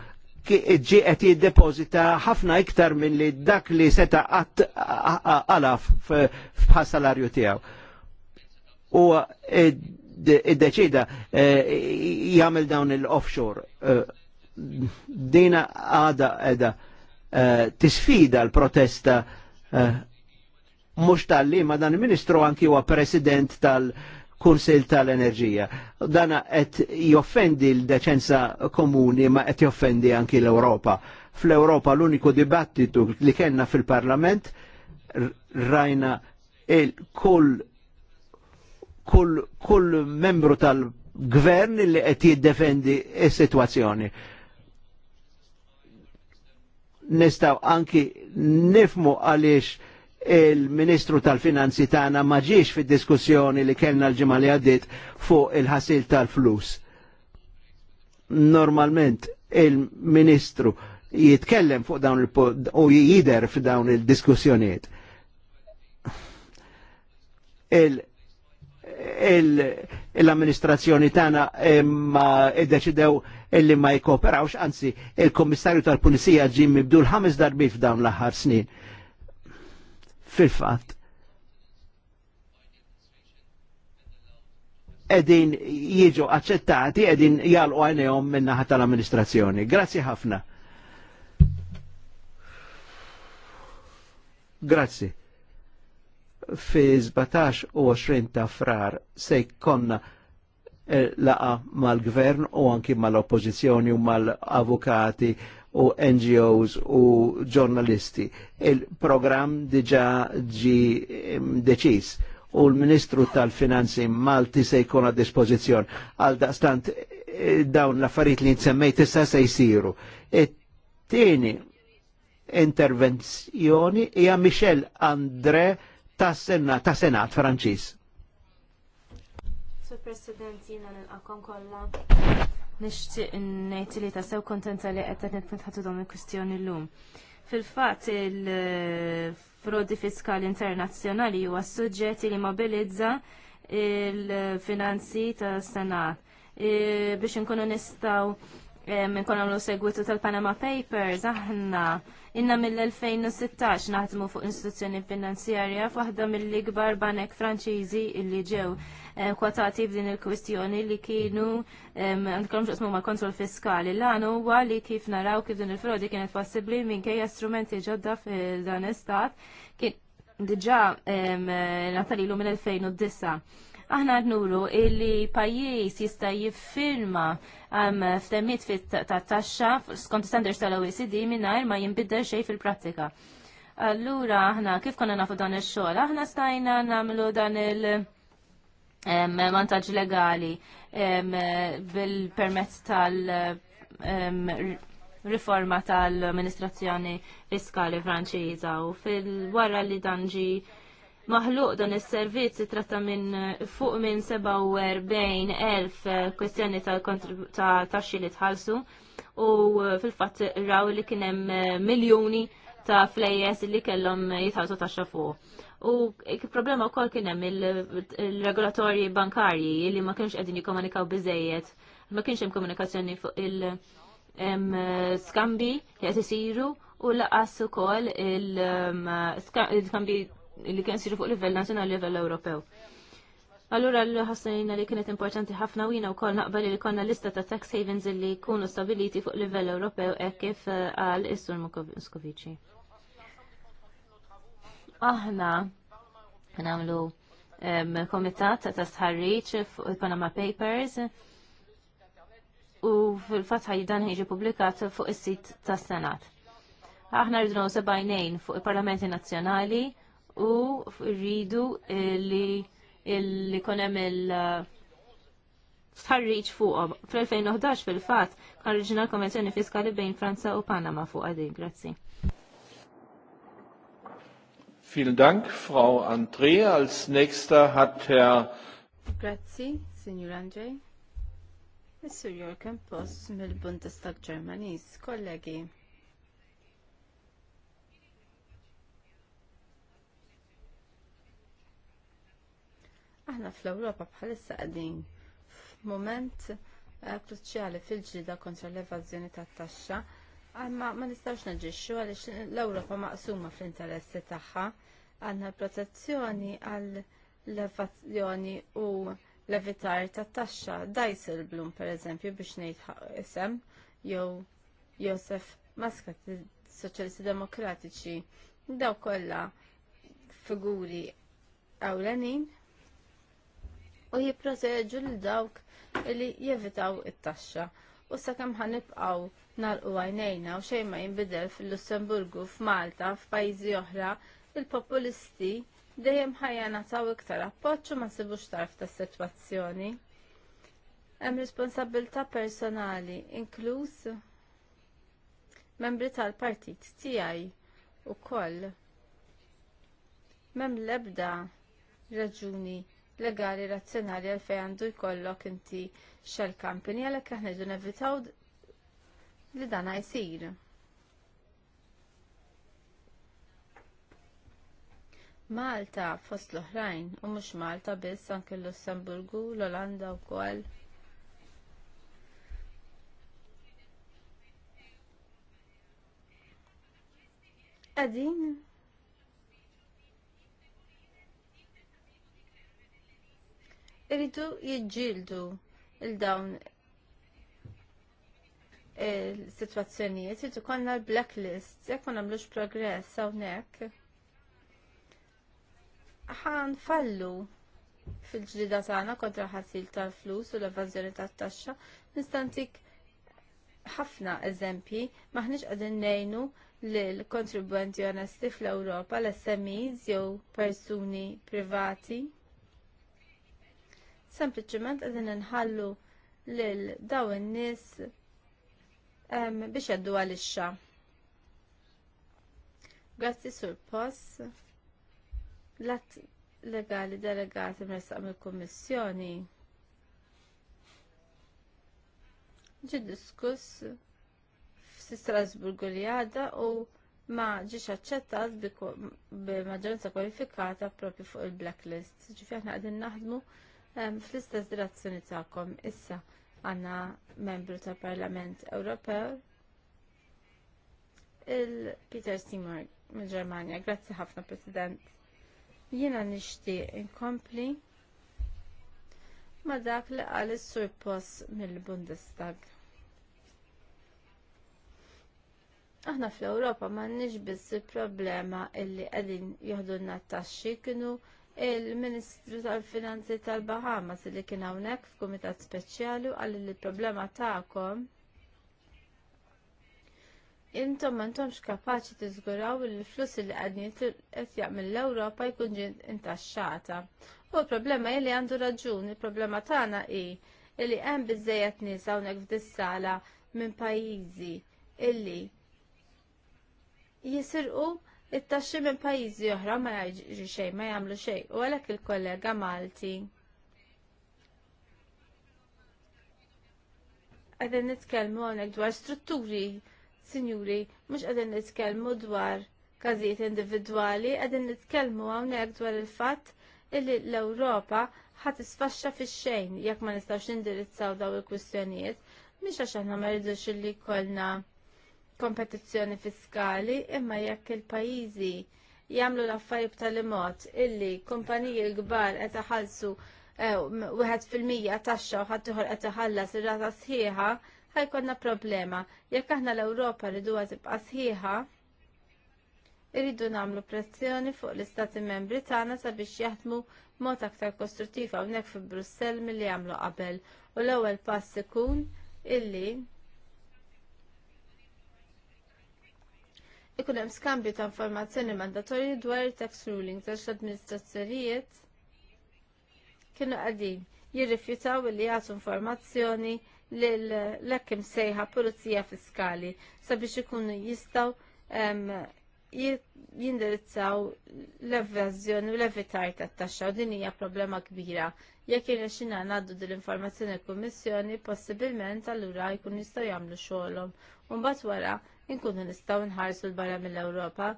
ġi qed jiddepozita ħafna iktar minn li dak li seta qatt alaf f'ħas salarju tiegħu. U iddeċida e, e, e, jagħmel dawn il-offshore. Dina għada qeda tisfida l-protesta mhux tal-li ma dan il-Ministru anki huwa President tal- kunsil tal-enerġija. Dana qed joffendi l-deċenza komuni ma qed joffendi anki l-Europa. Fl-Europa l-uniku dibattitu li kellna fil-Parlament rajna il-kull kull, kul membru tal-gvern li qed jiddefendi s sitwazzjoni Nistaw anki nifmu għaliex il-Ministru tal-Finanzi tagħna ma ġiex fid-diskussjoni li kellna l-ġimgħa li għaddiet fuq il-ħasil tal-flus. Normalment il-Ministru jitkellem fuq dawn il u jider f'dawn il-diskussjonijiet. Il l-amministrazzjoni tagħna imma eh, iddeċidew illi ma jkooperawx, anzi il-Kommissarju tal-Pulizija ġim mibdul ħames darbi f'dawn l-aħħar snin fil-fatt edin jieġu accettati, edin jgħalqu għajnejom minnaħat tal-amministrazzjoni. Grazzi ħafna. Grazzi. Fi 17 u 20 ta' frar se konna eh, laqa mal-gvern u anki mal-oppozizjoni u mal-avukati u NGOs u ġurnalisti. Il-program diġa ġi deċis u l-Ministru tal-Finanzi Malti se jkun għad dispożizzjon għal daqstant e, dawn l-affarijiet li nsemmejt issa se jsiru. It-tieni intervenzjoni hija Michel André tas Senat, ta Senat Franċiż. Sur President, jiena nilqakom kollha nixtieq ngħid li tassew kontenta li qed nitħatu dawn il-kwistjoni llum. Fil-fatt il-frodi fiskali internazzjonali huwa suġġetti li mobilizza il-finanzi tas-Senat e, biex inkunu nistgħu minkon għamlu segwitu tal-Panama Papers, aħna inna mill-2016 naħdmu fuq istituzzjoni finanzjarja f'waħda mill-ikbar banek franċiżi illi ġew eh, kwatati b'din il-kwistjoni li kienu għandkom ġosmu ma' kontrol fiskali. L-għan huwa li kif naraw kif din il-frodi kienet possibbli minkejja strumenti ġodda f'dan istat kien diġa' eh, natalilu mill-2009 Aħna għadnulu illi pajjiż jista' jiffirma um, fit ta' taxxa skont standards tal-OECD mingħajr ma jinbidel xejn fil-prattika. Allura aħna kif konna nafu dan ix-xogħol? Aħna stajna nagħmlu dan il- vantaġġ legali bil-permezz tal- riforma tal-amministrazzjoni fiskali franċiża u fil-wara li dan ġi maħluq dan is-servizz tratta minn fuq minn 47,000 eh, kwestjoni ta' taxxi li tħallsu u eh, fil-fatt raw li kien hemm eh, miljuni ta' flejjes li kellhom jitħallsu taxxa fuq. U problema wkoll kien hemm il-regolatorji bankarji li ma kienx qegħdin jikkomunikaw biżejjed, ma kienx hemm komunikazzjoni fuq il- skambi li qed isiru u laqas ukoll il-skambi li kien siru fuq livell nazzjonali livell Ewropew. Allura l ħassajna li kienet importanti ħafna u jina u koll naqbel li konna lista ta' tax havens li kunu stabiliti fuq livell Ewropew e kif eh, għal Issur Muskovici. Aħna namlu komitat ta' sħarriċ fuq il-Panama Papers u fil-fatħa jidan ħiġi publikat fuq is-sit tas-Senat. Aħna rridu sebajnejn fuq il-Parlamenti Nazzjonali u rridu li li konem il- uh, tħarriċ fuqhom. Fl-2011 fil fat kan l konvenzjoni fiskali bejn Franza u Panama fuq għadi. Grazzi. Vielen Dank, Frau André. Als nächster hat Herr. Grazie, Signor André. Mr. Jorgen Post mill-Bundestag Ġermanis, kollegi. Aħna fl-Ewropa bħalissa qegħdin f'mument eh, kruċjali fil-ġlida kontra l-evażjoni tat-taxxa, ah, ma ma nistgħux naġixxu għaliex l-Ewropa maqsuma fl-interessi tagħha għandna protezzjoni għal l-evażjoni u l-evitar tat-taxxa. Dijsselbloom pereżempju biex ngħid isem jew Josef Maskat soċjalisti demokratiċi daw kollha figuri ewlenin u jipproteġu lil dawk li jevitaw it-taxxa. U sakemm ħanibqgħu narqu għajnejna u xejn ma jinbidel fil-Lussemburgu, f'Malta, f'pajjiżi oħra, il-populisti dejjem ħajjana taw iktar appoġġ u ma sibux tarf tas-sitwazzjoni. Hemm responsabilità personali, inkluż membri tal-partit tiegħi ukoll. Mem l-ebda raġuni legali razzjonali għal fejn għandu jkollok inti shell company għalhekk aħna jdu nevitaw li dana jsir. Malta fost l-oħrajn u mhux Malta biss anke l-Lussemburgu, l-Olanda wkoll. Għadin, irridu jiġġieldu il-dawn il-situazzjonijiet, irridu konna l-blacklist, jekk ma nagħmlux progress hawnhekk. Ħan fallu fil-ġlida tagħna kontra ħasil tal-flus u l-evażjoni tat-taxxa, nistantik ħafna eżempji maħniex qegħdin ngħinu lil kontribwenti onesti fl-Ewropa l-SMEs jew persuni privati sempliciment qegħdin inħallu lil daw in-nies biex jaddu għalixxa. Grazzi sur pos. l-att legali delegati mressaq mill-Kummissjoni ġi diskuss f'Strasburgu li għada u ma ġiex aċċettat bil-maġġoranza kwalifikata propju fuq il-blacklist. Ġifi aħna qegħdin naħdmu fl-istess direzzjoni tagħkom issa għandna membru tal-Parlament Ewropew il-Peter Seymour mill-Ġermanja. Grazzi ħafna President. Jiena nixtieq inkompli ma dak li għal surpos mill-Bundestag. Aħna fl-Ewropa m'għandniex biss il-problema illi qegħdin joħdu t-taxxi kienu il-Ministru tal-Finanzi tal-Bahamas li kien hawnhekk f'kumitat speċjali qal li l-problema tagħkom intom m'intomx kapaċi tiżguraw li l-flus li qegħdin qed mill l-Ewropa jkun ġie intaxxata. U l-problema hi li għandu raġun, il-problema tagħna hi illi hemm biżejjed nies hawnhekk f'dis-sala minn pajjiżi illi jisirqu it-taxxi minn pajjiżi oħra ma jgħiġi xejn, ma jagħmlu xejn. U għalhekk il-kollega Malti qegħdin nitkellmu hawnhekk dwar strutturi, sinjuri, mhux qegħdin nitkellmu dwar każijiet individwali, qegħdin nitkellmu hawnhekk dwar il-fatt illi l-Ewropa ħat isfaxxa fix-xejn jekk ma nistgħux nindirizzaw daw il-kwistjonijiet, mhix għax aħna ma rridux illi kollna kompetizzjoni fiskali imma jekk il-pajjiżi jagħmlu l-affarijiet b'tali mod illi kumpaniji l-kbar qed iħallsu eh, wieħed fil-mija taxxa u ħadd ieħor qed iħallas ir-rata sħiħa ħajkonna problema. Jekk aħna l-Ewropa riduha tibqa' sħiħa, irridu nagħmlu pressjoni fuq l-Istati Membri tagħna sabiex jaħdmu mod aktar kostruttiv hawnhekk fi Brussell milli jagħmlu qabel. U l-ewwel pass ikun illi ikun hemm skambju ta' informazzjoni mandatorji dwar tax rulings għax l-administrazzjonijiet kienu qegħdin jirrifjutaw li jagħtu informazzjoni l-ekkim sejħa pulizija fiskali sabiex ikunu jistgħu jindirizzaw l-evazjoni u l-evitar ta' taxxa u din hija problema kbira. Jekk irnexxina ngħaddu din l-informazzjoni l-Kummissjoni, possibilment allura jkun jistgħu jagħmlu xogħolhom. Mbagħad wara inkunu nistgħu nħarsu l-barra mill-Ewropa.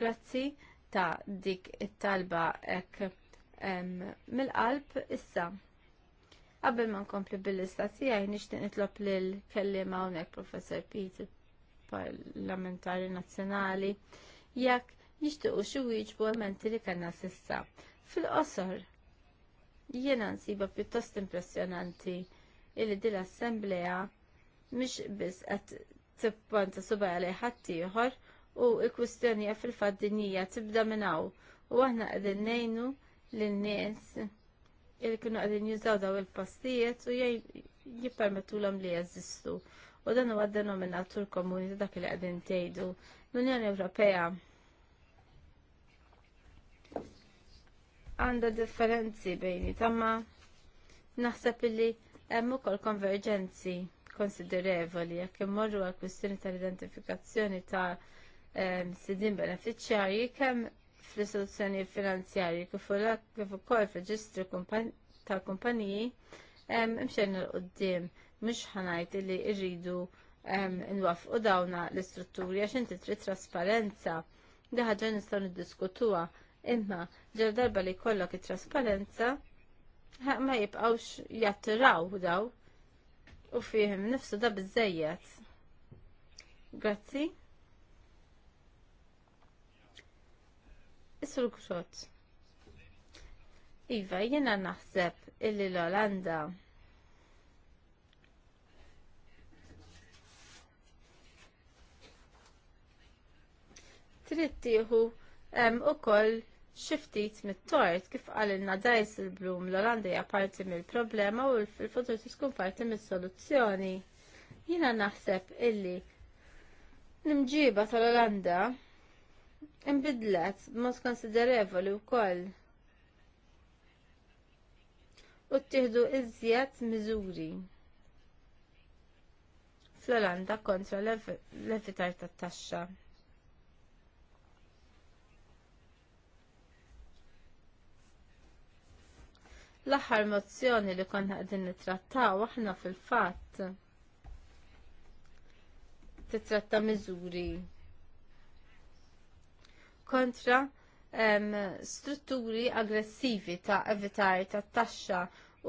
Grazzi ta' dik it-talba hekk mill-qalb issa. Qabel ma nkompli bil-lista tiegħi nixtieq nitlob lil kellima hawnhekk Professor Peter parlamentari nazzjonali jekk jixtiequ xi wieġbu elementi li kellna s'issa. Fil-qosor, jiena nsiba pjuttost impressjonanti illi din l-assemblea mhix biss qed tipponta subaj ħadd ieħor u l-kwistjoni fil-fatt dinija tibda minn hawn u aħna qegħdin ngħinu lin-nies li kienu qegħdin jużaw daw il-postijiet u jippermettulhom li jeżistu. U dan huwa denominatur komuni ta' dak li qegħdin tgħidu. L-Unjoni Ewropea għandha differenzi bejni tamma naħseb li hemm ukoll konverġenzi konsiderevoli jekk imorru għal kwistjoni tal-identifikazzjoni ta' sidin beneficjarji kemm fl-istituzzjoni finanzjarji kif ukoll f'reġistru ta' kumpaniji imxejn l-qoddim mhux ħanajt li rridu nwafqu dawna l-istrutturi għax inti trid trasparenza li ħaġa nistgħu niddiskutuha imma ġel darba li jkollok it-trasparenza ma jibqgħux jattiraw daw u fihim nifsu da bizzejiet. Grazzi. Isru kuxot. Iva, jena naħseb illi l-Olanda trid tieħu ukoll xi ftit mit-tort kif qalilna dajs il-blum l-Olanda hija parti mill-problema u fil-futur tkun parti mis-soluzzjoni. Jiena naħseb illi l-imġiba tal-Olanda imbidlet b'mod konsiderevoli wkoll u ttieħdu iżjed miżuri fl-Olanda kontra l-evitar tat-taxxa. L-aħħar mozzjoni li konna qegħdin nittrattaw aħna fil-fatt titratta miżuri kontra strutturi aggressivi ta' evitar ta' taxxa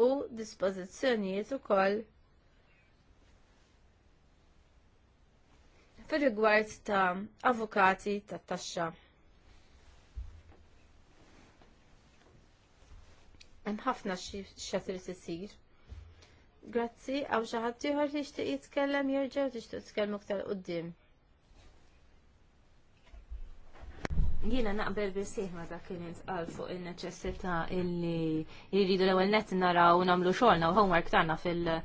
u dispożizzjonijiet ukoll fir rigward ta' avukati ta' taxxa. Hemm ħafna x'xatir isir. Grazzi, għaw xi ħadd ieħor li jixtieq jitkellem jerġgħu tixtieq tkellmu aktar quddiem. Jiena naqbel bisih ma dak kien intqal fuq in-neċessità illi jridu l-ewwel nett naraw nagħmlu xogħolna u homework tagħna fil-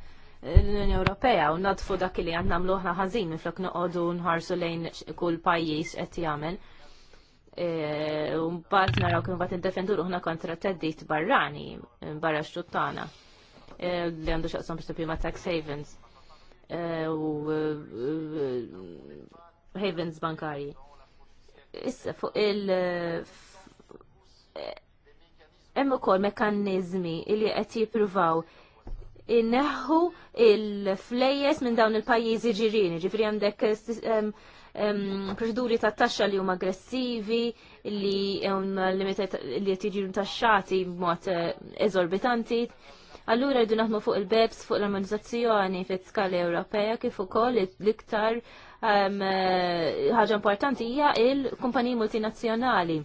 l-Unjoni Ewropea u nadfu dak li għandna mluħna ħażin minflok noqogħdu nħarsu lejn kull pajjiż qed jagħmel. Mbagħad e, naraw kif mbagħad indefendu ruħna kontra teddit barrani barra x-xuttana e, li għandu xaqsam biex ma tax havens e, u havens bankari. Issa fuq il hemm ukoll mekkaniżmi li qed jippruvaw inneħħu il-flejjes minn dawn il-pajjiżi ġirini, ġifri għandek proċeduri ta' taxxa li huma aggressivi li li tiġi taxxati b'mod eh, eżorbitanti. Allura jdu naħdmu fuq il-BEPS, fuq l-armonizzazzjoni fit skala Ewropea kif ukoll l-iktar eh, ħaġa importanti hija il-kumpaniji multinazzjonali.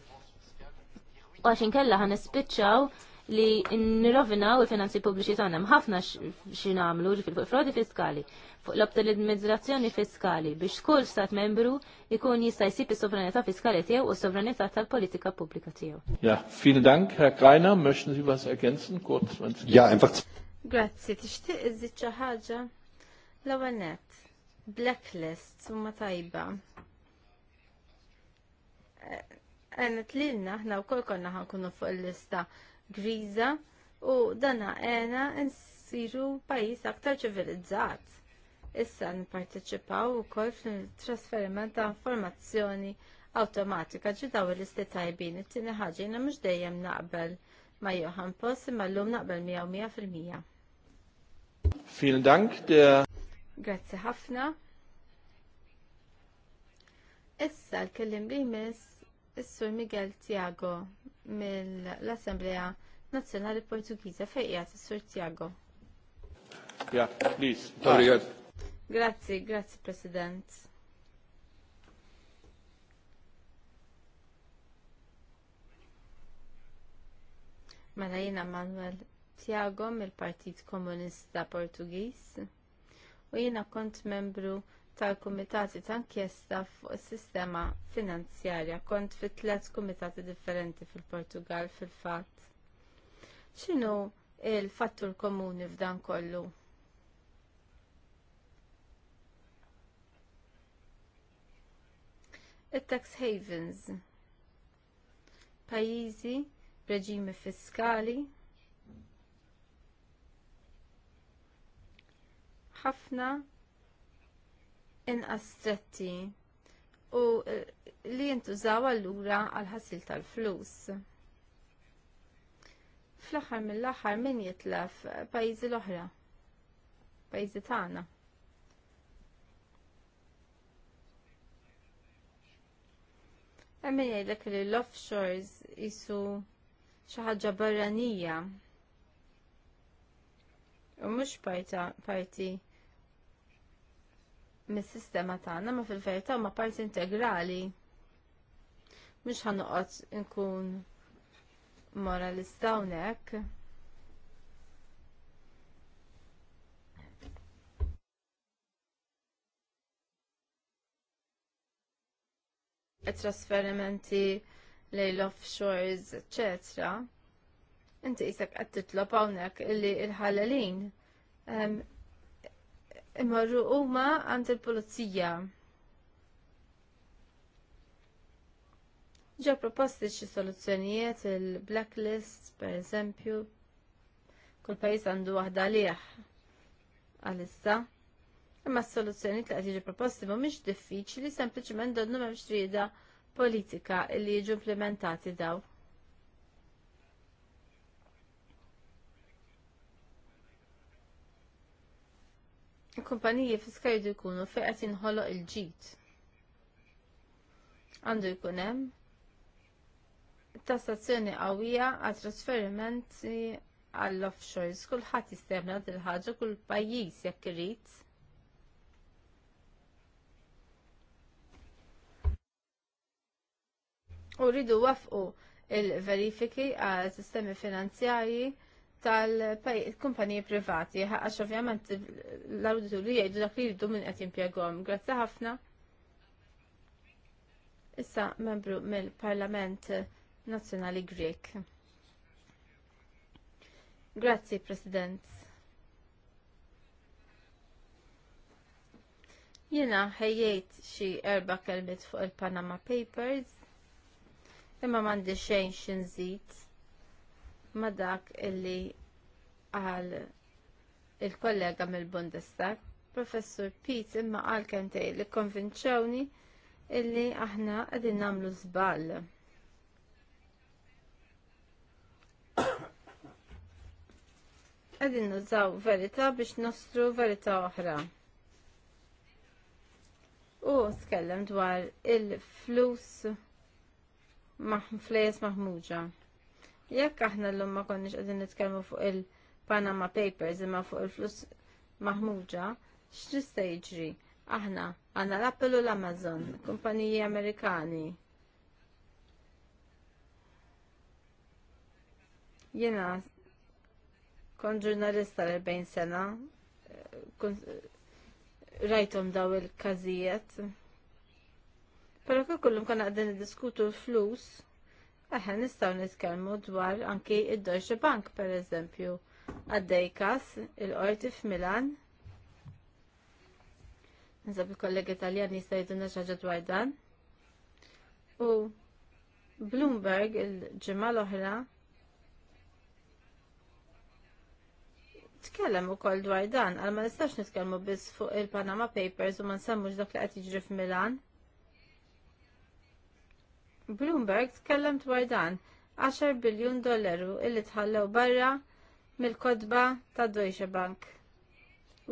Għaxin kella ħanispiċċaw li nrovinaw il-finanzi pubbliċi tagħna ħafna xi nagħmlu fuq frodi fiskali, fuq l-optimizzazzjoni fiskali biex kull stat membru ikun jista' jsib is-sovranità fiskali tiegħu u s-sovranità tal-politika pubblika tiegħu. Ja, vielen Dank, Herr Kleiner, möchten Sie was ergänzen? Kurz, Ja, einfach. Grazzi, tixtieq iżid xi ħaġa l-ewwel nett. Blacklist huma tajba eh, għanet li l-na, ħna u kol konna ħankunu fuq il-lista griża u dan għena nsiru pajjiż aktar ċivilizzat. Issa u ukoll fil-trasferiment ta' informazzjoni awtomatika ġidaw l-isti tajbin it-tieni ħaġa mux mhux dejjem naqbel ma' Johan Post imma llum naqbel miegħu fil-mija. Dank. Grazzi ħafna. Issa l-kellim li jmiss is-Sur Miguel Tiago mill-Assemblea Nazzjonali Portugiza fejn is-Sur Tiago. Ja, please. Grazzi, grazzi President. Mela jiena Manuel Tiago mill-Partit Komunista Portugiż u jiena kont membru tal-Kumitati ta' inkjesta fuq is-sistema finanzjarja kont fi tliet kumitati differenti fil-Portugal fil-fatt. X'inhu il-fattur komuni f'dan kollu? it-tax havens, pajjiżi, reġimi fiskali, ħafna inqas stretti u eh, li jintużaw allura għal ħasil tal-flus. Fl-aħħar mill-aħħar min jitlef pajjiżi l-oħra, pajjiżi tagħna. Għemmin jgħidlek li l-offshores jisu xaħġa barranija. U mux parti mis-sistema tagħna ma fil-verità ma parti integrali. Mhux ħanoqgħod nkun moralista hawnhekk. trasferimenti l offshores, etc. Inti jisek qed titlob hawnhekk illi l ħallalin imorru huma għand il-pulizija. Ġa proposti xi soluzzjonijiet il-blacklist, per eżempju, kull pajjiż għandu waħda għalih għalissa. Imma s-soluzzjonijiet li qed jiġu proposti mhumiex diffiċli, sempliċement donnu hemm xrieda politika li jiġu implementati daw. il-kumpaniji fiskali jdu jkunu fejn qed jinħoloq il-ġid. Għandu jkun hemm tassazzjoni qawwija għal trasferimenti għall offshores kulħadd jistemna il ħaġa kull pajjiż jekk irid. U rridu wafqu il-verifiki għal sistemi finanzjarji tal-kumpaniji privati, għax ovvjament l-awditurija jgħidu dak li jridu minn qed jimpjegom. Grazzi ħafna. Issa membru mill-Parlament Nazzjonali Grek. Grazzi, President. Jena ħejjejt xi erba' kelmiet fuq il-Panama Papers, imma m'għandi xejn xi nżid ma dak illi għal il-kollega mill-Bundestag, Professor Piet, imma għal kentej li kkonvinċewni illi aħna qegħdin namlu żball. Qegħdin nużaw verita biex nostru verita oħra. U tkellem dwar il-flus maħ flejes maħmuġa. Jekk aħna l-lum ma konniex qegħdin nitkellmu fuq il-Panama Papers imma fuq il-flus maħmuġa, x'tista' jiġri? Aħna għandna l-Apple u l-Amazon, kumpaniji Amerikani. Jiena kon ġurnalista l erbejn sena, rajtum daw il-każijiet. Pero kullum kon għadden diskutu l-flus, Aħna nistgħu nitkellmu dwar anki id-Deutsche Bank pereżempju għaddej kas il-qorti f'Milan. Nżab il-kollegi Italjan jista' jiduna xaġa dwar dan. U Bloomberg il-ġimgħa l-oħra tkellem ukoll dwar dan, għal ma nistax nitkellmu biss fuq il-Panama Papers u ma nsemmux dak li qed jiġri f'Milan. Bloomberg tkellem dwar dan 10 biljun dollaru illi tħallew barra mill-kodba ta' Deutsche Bank.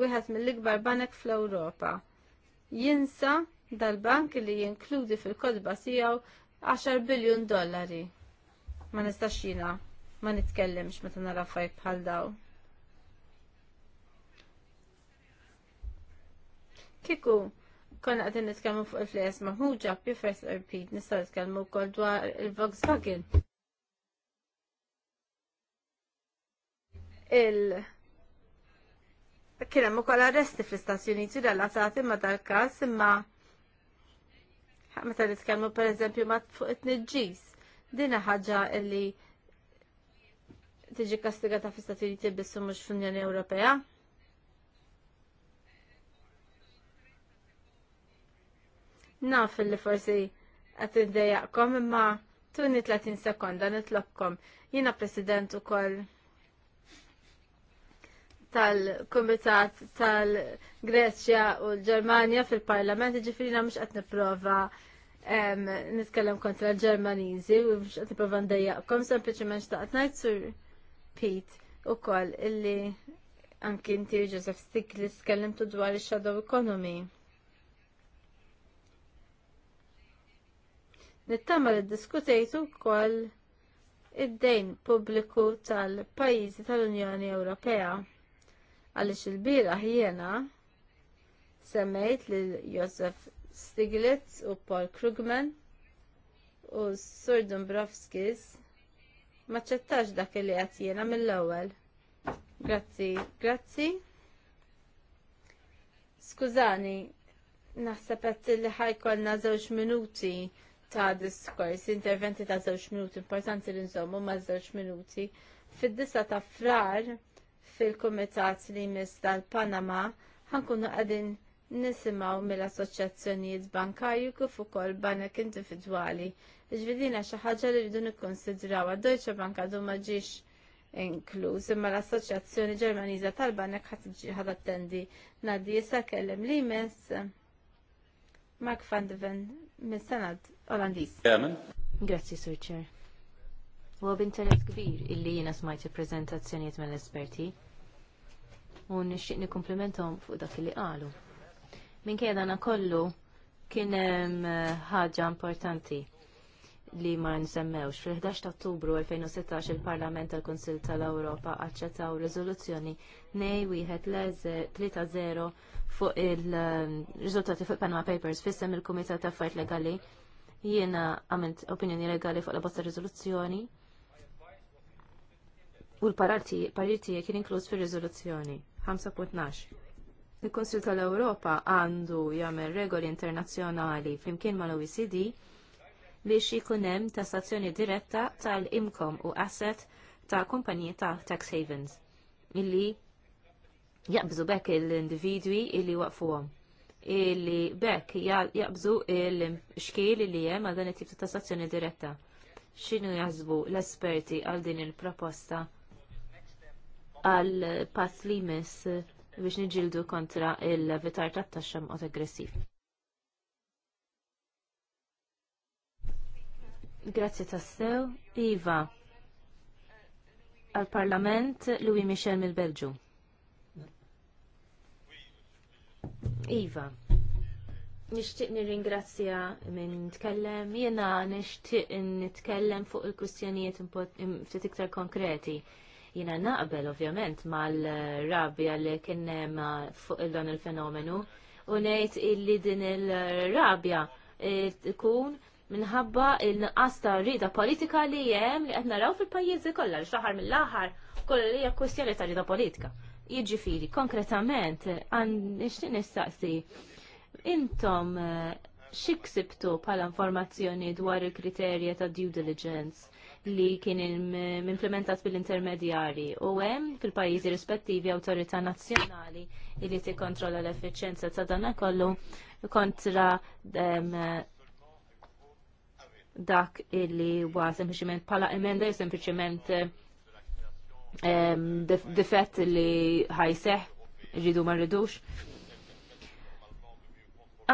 Wieħed mill-ikbar banek fl-Ewropa. Jinsa dal-bank li jinkludi fil-kodba tiegħu 10 biljun dollari. Ma nistax jiena ma nitkellimx meta nara fajt bħal daw. Kiku, Konna għadin nitkellmu fuq il-flejes maħuġa, pi first repeat, nistaw nitkellmu wkoll dwar il-Volkswagen. Il- Kien hemm ukoll arresti fl-Istati Uniti relatati ma' dal-każ imma meta nitkellmu pereżempju ma' fuq it-tniġġis. Dina ħaġa li tiġi kastigata fl-Istati Uniti biss mhux fl-Unjoni Ewropea. Naf li forsi qed iddejjaqkom imma tuni 30 sekonda nitlobkom. Jiena President ukoll tal-Kumitat tal-Greċja u l-Ġermanja fil-Parlament, ġifirina mhux qed nipprova nitkellem kontra l-Ġermaniżi u mhux qed nipprova ndejjaqkom, sempliċement xtaqt ngħid sur Pete ukoll illi anki inti Joseph Stiglitz kellimtu dwar ix-shadow economy. Nittama li diskutejtu wkoll id-dejn pubbliku tal-pajjiżi tal-Unjoni Ewropea. Għaliex il-bira jiena semmejt lil Josef Stiglitz u Paul Krugman u Sur Dombrovskis maċċettax dak li qed jiena mill-ewwel. Grazzi, grazzi. Skużani, naħseb li ħajkolna żewġ minuti ta' diskors, interventi ta' zewġ minuti, importanti li nżommu ma' żewġ minuti. Fid-disa ta' frar fil-Kumitat li jmiss tal-Panama ħankunu qegħdin nisimgħu mill-assoċjazzjonijiet bankarju kif ukoll banek individwali. Ġvidina xi ħaġa li rridu nikkonsidraw għad-Deutsche Bank għadu ma ġiex inkluż imma l-Assoċjazzjoni Ġermaniża tal-Banek ħad attendi. ngħaddi issa kellem li jmiss Mark van de Ven mis-Senat Olandiż. Grazzi, Sir Chair. U b'interess kbir illi jiena smajt il-preżentazzjonijiet mill-esperti u nixtieq nikkumplimenthom fuq dak li qalu. Minkejja dana kollu kien hemm eh, ħaġa importanti li ma nsemmewx. Fil-11 ta' Ottubru 2016 il-Parlament tal-Konsil tal-Ewropa aċċettaw riżoluzzjoni nej wieħed 3-0 fuq il-riżultati ehm, fuq Panama Papers fissem il-Kumitat ta' Affarijiet Legali. Jiena għamilt opinjoni legali fuq la bosta rezoluzzjoni u l-pariti kien inkluż fir-riżoluzzjoni 5.12. Il-Konsil tal-Ewropa għandu jagħmel regoli internazzjonali flimkien mal-OECD biex ikun hemm tassazzjoni diretta tal-imkom u asset ta' kumpaniji ta' tax havens illi jaqbżu bekk l-individwi illi waqfuhom illi bekk jaqbżu l-xkiel illi hemm għal dan it-tip ta' tassazzjoni diretta. X'inhu jaħsbu l-esperti għal din il-proposta għal pass li jmiss biex niġildu kontra il-vitar tat-taxxam aggressiv? Grazzi tassew. Iva, al parlament Louis Michel mill-Belġu. Iva, nishtiq nirringrazzja minn t-kellem, jena nishtiq nitkellem fuq il-kustjonijiet ftit iktar konkreti Jena naqbel ovvjament mal-rabja li kienem ah, fuq il dan il-fenomenu u nejt illi din il-rabja eh, tkun minħabba il-nqas ta' rida politika li hemm li qed naraw fil-pajjiżi kollha li xaħar mill-aħħar kolla li hija ta' rida politika. Jiġifieri konkretament nixtieq nistaqsi intom eh, xi ksibtu bħala informazzjoni dwar il-kriterja ta' due diligence li kien implementat bil-intermedjari u hemm fil-pajjiżi rispettivi awtorità nazzjonali li tikkontrolla l-effiċjenza ta' dan kollu kontra dak illi huwa sempliċiment bħala emenda jew sempliċement difett li ħajseħ ġidu ma rridux.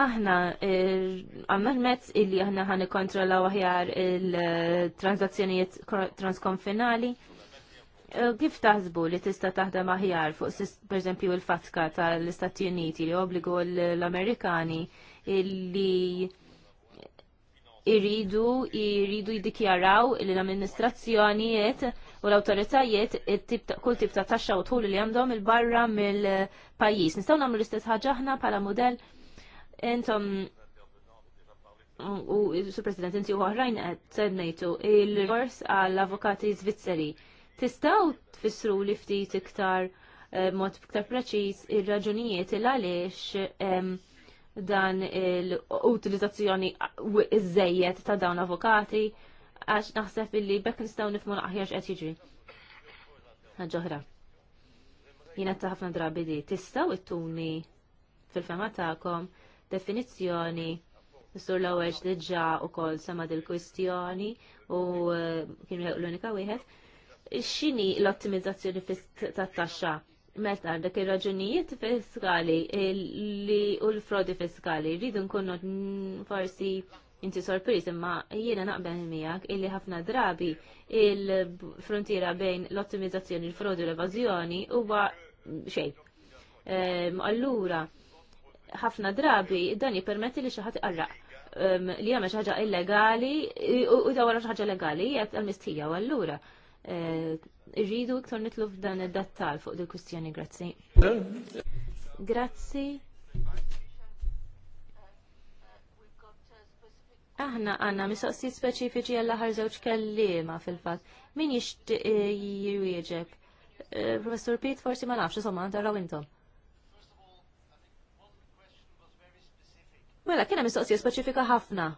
Aħna eh, għanna mezz illi aħna ħan kontrollaw aħjar il-transazzjonijiet transkonfinali. Eh, kif taħsbu li tista' taħdem aħjar fuq perżempju il-fatka tal-Istati Uniti li obbligu l-Amerikani illi iridu iridu jiddikjaraw li l-amministrazzjonijiet u l-autoritajiet kull tip ta' taxxa u tħul li għandhom il-barra mill-pajjiż. Nistgħu nagħmlu l-istess ħaġa aħna bħala mudell intom u s-Sur President inti u oħrajn qed sednejtu il rors għall-avukati Zvizzeri. Tistgħu tfissru li ftit iktar eh, mod iktar preċiż ir-raġunijiet il għaliex dan l-utilizzazzjoni iż ta' dawn avokati għax naħseb illi bekk nistgħu nifmu l-aħjar x'qed jiġri. Ħaġoħra. Jiena ta' ħafna drabi di tistgħu ittuni fil-fema tagħkom definizzjoni Sur l-ewwel diġà wkoll sema dil-kwistjoni u eh, kienu l-unika wieħed x'inhi l-ottimizzazzjoni tat-taxxa meta għandek ir-raġunijiet fiskali li u l-frodi fiskali rridu nkunu forsi inti sorpriż imma jiena naqbel miegħek illi ħafna drabi il-frontiera bejn l-ottimizzazzjoni l-frodi u l-evażjoni huwa xejn. Ehm, allura ħafna drabi dan jippermetti li xi ħadd iqarraq ehm, li jagħmel xi ħaġa illegali u dawra xi ħaġa legali hija għall-mistija u allura Eh, irridu iktar nitlu f'dan id-dattal fuq dil kustjoni grazzi. Grazzi. Aħna għanna mistoqsijiet speċifiċi għall aħar żewġ kellima fil-fatt. Min jixtieq eh, jwieġeb? Eh, Professor Piet forsi ma nafx, insomma, taraw intom. Mela, kiena mistoqsija speċifika ħafna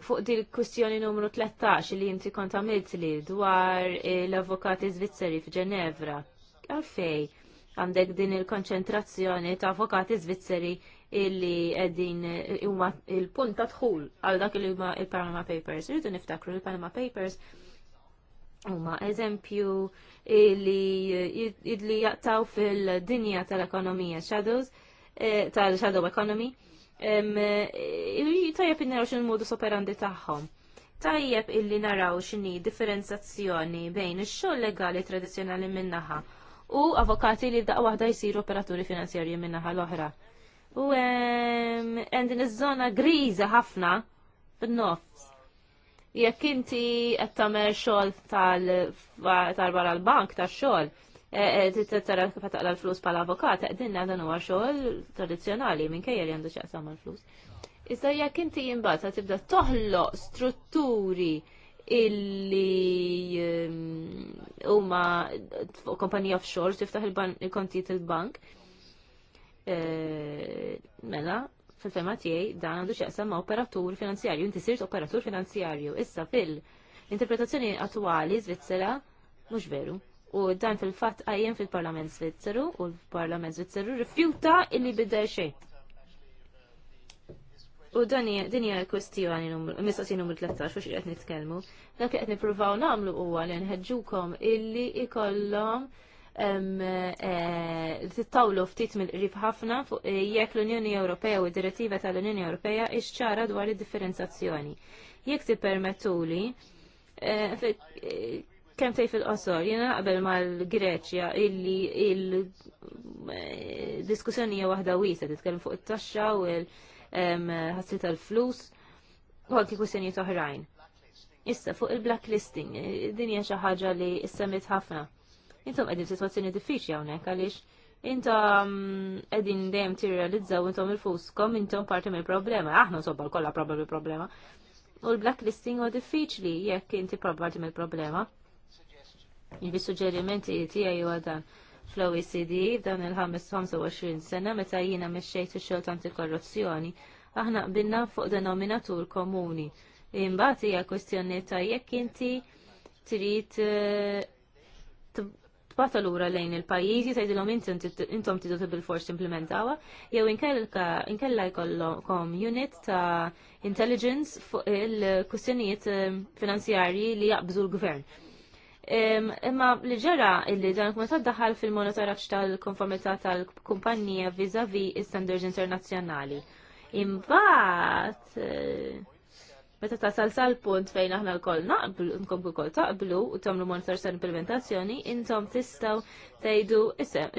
fuq din il-kwistjoni numru 13 li jinti kont għamilt li dwar l-avokati Zvizzeri f'Ġenevra. Għalfej għandek din il-konċentrazzjoni ta' avokati Zvizzeri illi għeddin huma il-punt ta' dħul għal dak li huma il-Panama Papers. Rridu niftakru il-Panama Papers huma eżempju li jaqtaw fil-dinja tal-ekonomija shadows eh, tal-shadow economy tajjeb il-naraw xin modus operandi tagħhom. Tajjeb illi naraw xini differenzazzjoni bejn ix-xogħol legali tradizzjonali minnaħa u avokati li daqqa wahda jsiru operaturi finanzjarji minnaħa l-oħra. U għendin iż-żona griża ħafna fin-nofs. Jekk inti qed tagħmel xogħol tal-barra l-bank tax-xogħol, Eh, eh, tara kif taqla l-flus pal avokat eh, dinna dan huwa xogħol tradizzjonali minkejja li għandu x'jaqsam mal-flus. Iżda jekk inti jimbagħad tibda toħloq strutturi illi ehm, huma kompanija offshore tiftaħ il-kontijiet il-bank. Mela, fil-fema tiegħi dan għandu x'jaqsam ma' operatur finanzjarju, inti sirt operatur finanzjarju. Issa fil-interpretazzjoni attwali Svizzera mhux veru. U dan fil-fatt għajjen fil-Parlament Svizzeru u l-Parlament Svizzeru rifjuta illi bidda xejn. U dan hija kwestjoni mistoqsi numru 13 fux qed nitkellmu. Dak qed nippruvaw nagħmlu huwa li nħeġġukom illi ikollhom eh, tittawlu ftit mill-qrib ħafna eh, jekk l-Unjoni Ewropea u d-direttiva tal-Unjoni Ewropea ixċara dwar id-differenzjazzjoni. Jekk tippermettuli, eh, Kem tej fil-qosor, jena qabel mal-Greċja illi il-diskussjoni hija waħda wiesa titkellem fuq it-taxxa u l-ħassil tal-flus u anki kwistjonijiet oħrajn. Issa fuq il-blacklisting, din hija xi ħaġa li issemmit ħafna. Intom qegħdin f'sitwazzjoni diffiċli hawnhekk għaliex intom qegħdin dejjem tirrealizzaw intom il-fuskom intom parti mill-problema, aħna sobba kollha problemi problema. U l-blacklisting huwa diffiċli jekk inti parti mill-problema. Ibi suġġerimenti tiegħi huwa dan fl-OECD f'dan il-25 sena meta jiena mexxejt ix-xogħol tant korruzzjoni aħna qbilna fuq denominatur komuni. Imbagħad hija kwestjoni ta' jekk inti trid eh, tbata lura lejn il-pajjiżi tgħidilhom intom tidu bil-fors implementawha, jew inkella jkollhom unit ta' intelligence fuq il-kwistjonijiet eh, finanzjarji li jaqbżu l-gvern Imma li ġara illi dan il-Kumitat daħal fil monitoraċ tal tal-konformità tal-kumpanija a vis standards internazzjonali. Imbagħad eh, meta tasal sal punt fejn aħna l-koll naqblu, nkomku kol taqblu u tagħmlu monitor sa' implementazzjoni, intom tistgħu tgħidu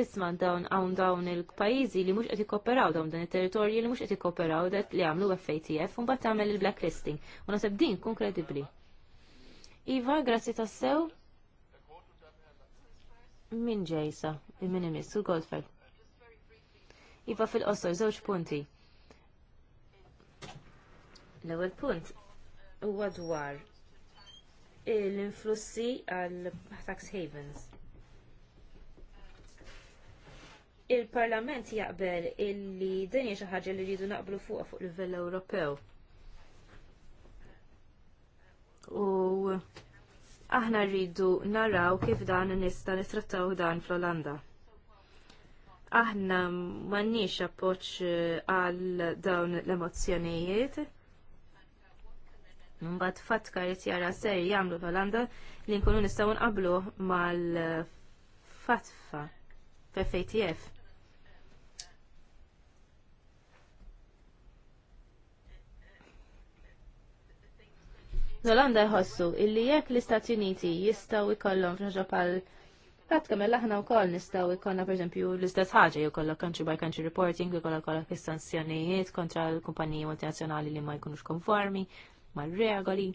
isma' dawn hawn dawn il-pajjiżi li mhux qed kooperaw dawn dan il territorji li mhux qed kooperaw dak li għamlu FATF u mbagħad tagħmel il-blacklisting u naħseb din kun kredibbli. Iva, grazzi tassew. Min ġejsa, il-minimis, u golfer. Iva fil-qosor, żewġ punti. L-ewwel punt huwa dwar l-influssi għal tax havens. Il-Parlament jaqbel illi din hija xi ħaġa li rridu naqblu fuqha fuq livell Ewropew. U aħna rridu naraw kif dan nista nitrattaw dan fl-Olanda. Aħna m'għandniex appoġġ eh, għal dawn l-emozzjonijiet. Mbagħad fatka jrid jara ser jagħmlu fl-Olanda li nkunu nistgħu nqablu mal-fatfa fl-FATF. Zolanda jħossu illi jekk l-Istati Uniti jistgħu jkollhom f'ħaġa bħal Pat kamel aħna wkoll nistgħu jkollna pereżempju l-istess ħaġa jew kollok country by country reporting, jew kollok kollok sanzjonijiet kontra l-kumpaniji multinazzjonali li ma jkunux konformi mal-regoli.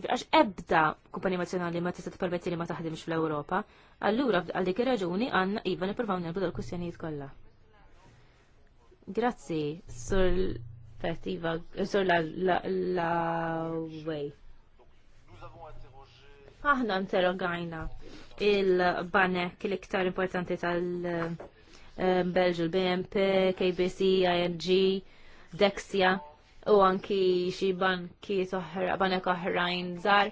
għax ebda kumpanija nazzjonali ma tista' permetti li ma taħdimx fl-Ewropa, allura għal dik ir-raġuni għandna iva nippruvaw nirbu l kwistjonijiet kollha. Grazzi, sur direttiva sur la, la, la way. Aħna interrogajna il-banek l-iktar importanti tal-Belġu, eh, BMP, KBC, ING, Dexia u anki xi banki oħra, banek oħrajn żgħar.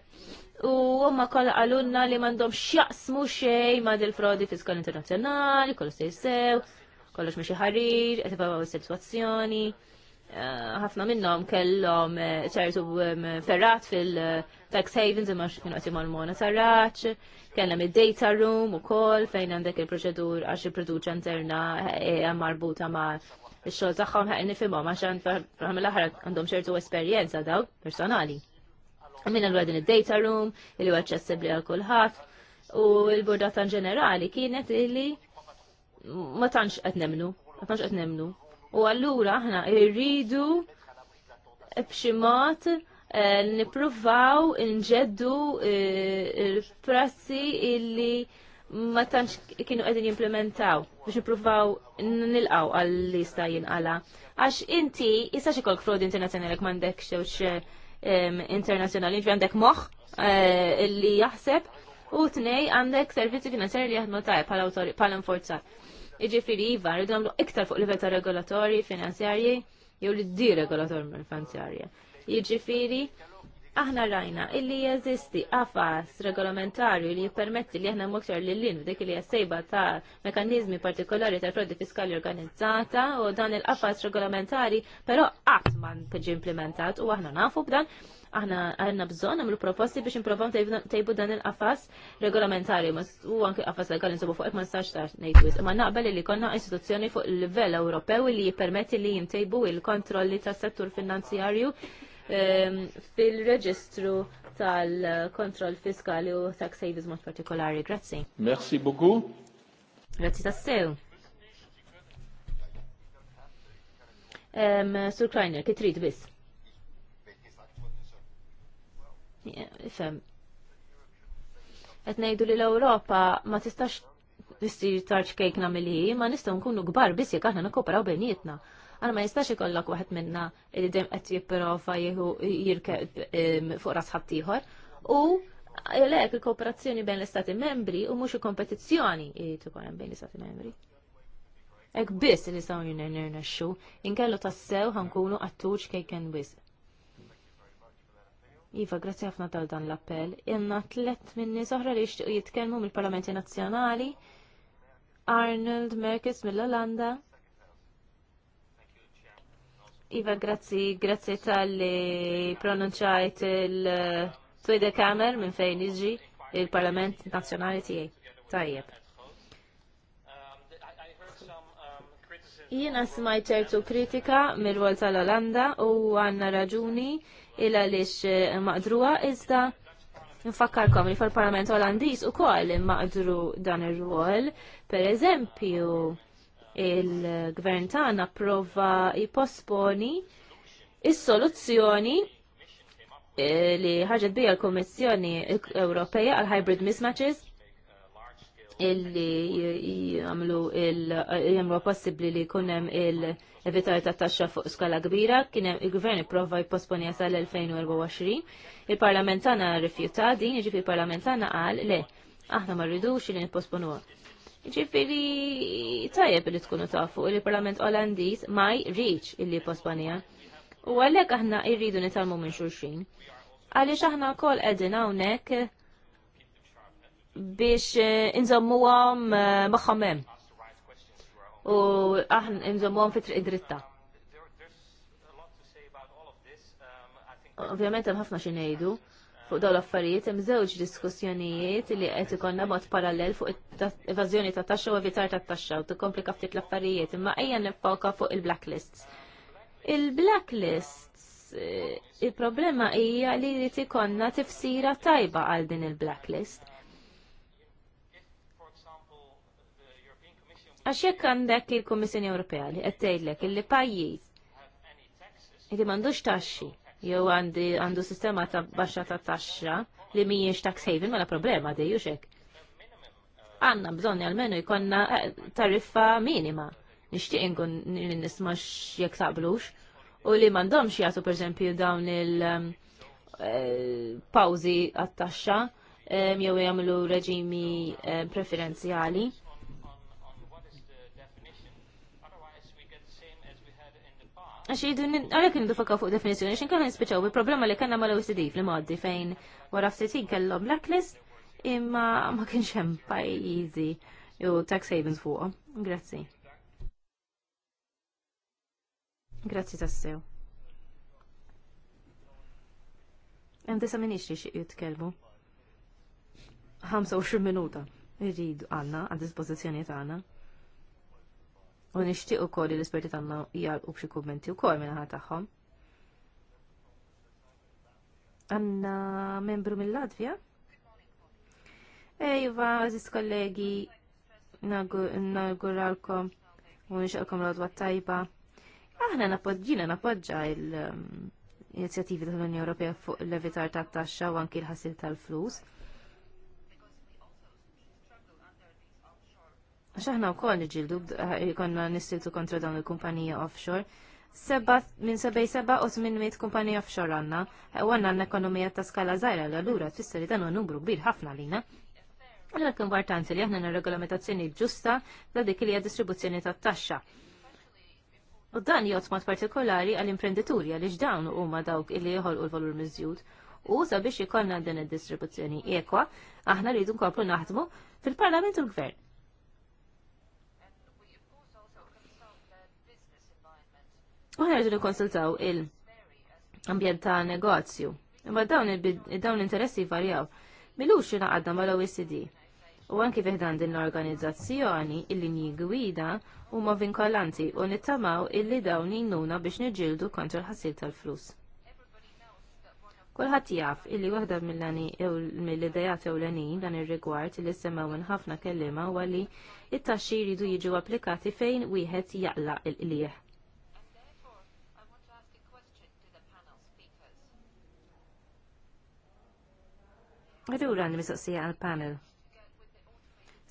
U huma kollha għalunna li m'għandhom x'jaqsmu xejn ma' dil-frodi fiskali internazzjonali, kollu se jsew, kollox mexi ħarir, qed ibabaw is-sitwazzjoni. Eh, ħafna minnhom kellhom eh, ċertu ferrat fil-tax havens imma kienu mal-mona sarraċ, kellhom id-data room ukoll fejn għandek il-proċedur għax il-produċa interna eh, marbuta ma' il xogħol tagħhom ħaq nifimom għax għandhom l-aħħar għandhom ċertu esperjenza dawk personali. Minna l-għadin id-data room, il li aċċessibbli għal kulħadd, u l bordata ġenerali kienet il-li ma tantx qed nemnu, ma tantx qed nemnu U allura aħna irridu b'xi mod eh, nippruvaw nġeddu eh, il-prassi illi ma tantx kienu qegħdin jimplementaw biex nipruvaw nilqaw għal sta jinqala. Għax inti issa xi frodi internazzjonali m'għandek xewx internazzjonali ġi għandek moħħ eh, li jaħseb u tnej għandek servizzi finanzjari li jaħdmu tajb bħala enforzar. Iġifiri iva, rridu għamlu iktar fuq livell ta' regolatorji finanzjarji jew li d-di regolatori finanzjarji. Iġifiri, aħna rajna illi jeżisti għafas regolamentarju li jippermetti li aħna moktar li l-lin f'dik li jassejba ta' mekanizmi partikolari ta' frodi fiskali organizzata u dan il-qafas regolamentari però qatt ma tiġi implementat u aħna nafu b'dan aħna għanna bżon għamlu proposti biex improvaw tejbu dan il-qafas regolamentari u għanki qafas legali nsubu fuq ma nistax ta' nejtwis. Ma naqbel li konna istituzzjoni fuq il-livell Ewropew li jippermetti li jintejbu il-kontrolli tas settur finanzjarju Ehm, fil-reġistru tal kontrol fiskali u tax savings mod partikolari. Grazzi. Merci beaucoup. Grazzi tassew. Ehm, Sur Kreiner, kitrid bis? Ifem. Et li l-Europa ma tistax nistir tarċ kejkna mill-ħi, ma nistaw nkunu gbar biss jek aħna nikkooperaw bejnietna għal ma jistax ikollok waħed minna li dem qed jipprova jihu jirkeb fuq ras ħaddieħor u lek il-kooperazzjoni bejn l-Istati membri u mhux il-kompetizzjoni tkun hemm bejn l-Istati membri. Ek biss nistgħu nirnexxu, inkellu tassew ħankunu għattuċ kejken biss. Iva, grazzi ħafna tal dan l-appell. Inna tlet minni soħra li jixtiqu jitkellmu mill-Parlamenti Nazzjonali, Arnold Merkis mill-Olanda, Iva, grazzi, grazzi tal-li pronunċajt il-Twide eh, Kamer minn fejn iġi il-Parlament Nazjonali tiegħi. Tajjeb. Jiena smajt ċertu kritika mill-wol tal-Olanda u għanna raġuni il għaliex eh, maqdruha iżda nfakkarkom li fil-Parlament Olandiż ukoll maqdru dan ir-rwol. Per eżempju, il-gvern tagħna prova jposponi is-soluzzjoni eh, li ħarġet bija l-Kommissjoni Ewropeja għal hybrid mismatches illi jagħmlu jagħmlu possibbli li jkun hemm il-evitar ta' taxxa fuq skala kbira, kien hemm il-gvern ipprova jposponija sal-2024. Il-Parlament tagħna rrifjuta din, jiġifieri il-Parlament tagħna qal le aħna ma rridux li nipposponuha. Ġifiri tajjeb li tkunu tafu il-Parlament Olandiż ma jriċ illi pospanija. U għalhekk aħna irridu nitalmu minn xulxin. Għaliex aħna wkoll għedin għawnek biex eh, inżommuhom eh, magħhom maħħamem. U aħna inżommuhom fitri triq dritta. Ovvjament hemm ħafna xi ngħidu fuq dawn l-affarijiet hemm żewġ diskussjonijiet li qed ikollna mod parallel fuq evażjoni ta' taxxa u evitar ta' taxxa u tikkomplika ftit l-affarijiet imma ejja niffoka fuq il-blacklists. Il-blacklists eh, il-problema hija li jrid ikollna tifsira tajba għal din il-blacklist. Għax jekk għandek il-Kummissjoni Ewropea li qed tgħidlek illi pajjiż li m'għandux taxxi jew għandi għandu sistema ta' baxxa ta' taxxa li mhijiex tax haven mela problema di hekk. Għandna bżonn għalmenu jkollna eh, tariffa minima. Nixtieq inkun nisma' jekk taqblux u li m'għandhomx jagħtu pereżempju dawn il- ehm, eh, pawzi għat-taxxa ehm, jew jagħmlu reġimi eh, preferenzjali Għax jidu għalek nidu fakka fuq definizjoni, xin kħan nispeċaw il problema li kanna mal-OCD fl-moddi fejn wara ftitin kellhom blacklist imma ma kienx hemm pajjiżi jew tax havens fuqhom. Grazzi. Grazzi tassew. Hemm disa minix li xi jitkellmu. 25 minuta jridu għandna għad dispożizzjoni tagħna. U nixtieq ukoll li l-esperti tagħna jgħalqu b'xi kummenti wkoll minn ħadd tagħhom. Għandna membru mill-Latvja? Ejva, eh, għaziz kollegi, naguralkom u nixqalkom l għadwa tajba. Aħna napoġġina napoġġa l-inizjativi um, tal-Unjoni Ewropea fuq l-evitar tat-taxxa u anki l-ħasil tal-flus. Għax aħna wkoll nġildu, eh, konna nistiltu kontra dawn il-kumpanija offshore. Seba minn sebej seba u minn mit kumpanija offshore għanna, eh, u għanna l-ekonomija ta' skala zaħra l-għallura, tfisser li dan u numru kbir ħafna lina. Għanna l-importanti li aħna regolamentazzjoni ġusta da' dik li distribuzzjoni ta' taxxa. U dan mod partikolari għall-imprenditurja li dawn huma dawk illi u l-valur miżjud. U sabiex jikonna din id-distribuzzjoni ekwa, aħna rridu nkomplu naħdmu fil-Parlament u l-Gvern. U ħana rridu konsultaw il-ambjent ta' negozju. Imma dawn l-interessi varjaw. Milux ma mal-OECD. U għanki fiħdan din l-organizzazzjoni il-linji gwida huma vinkolanti u nittamaw illi dawn jinnuna biex niġildu kontra l-ħassil tal-flus. Kulħadd jaff illi waħda mill-idejat ewlenin dan ir-rigward illi semmew minn ħafna kelliema u għalli t taxxir jridu jiġu applikati fejn wieħed jaqla il qlieħ Għadura għandi mistoqsija għal-panel.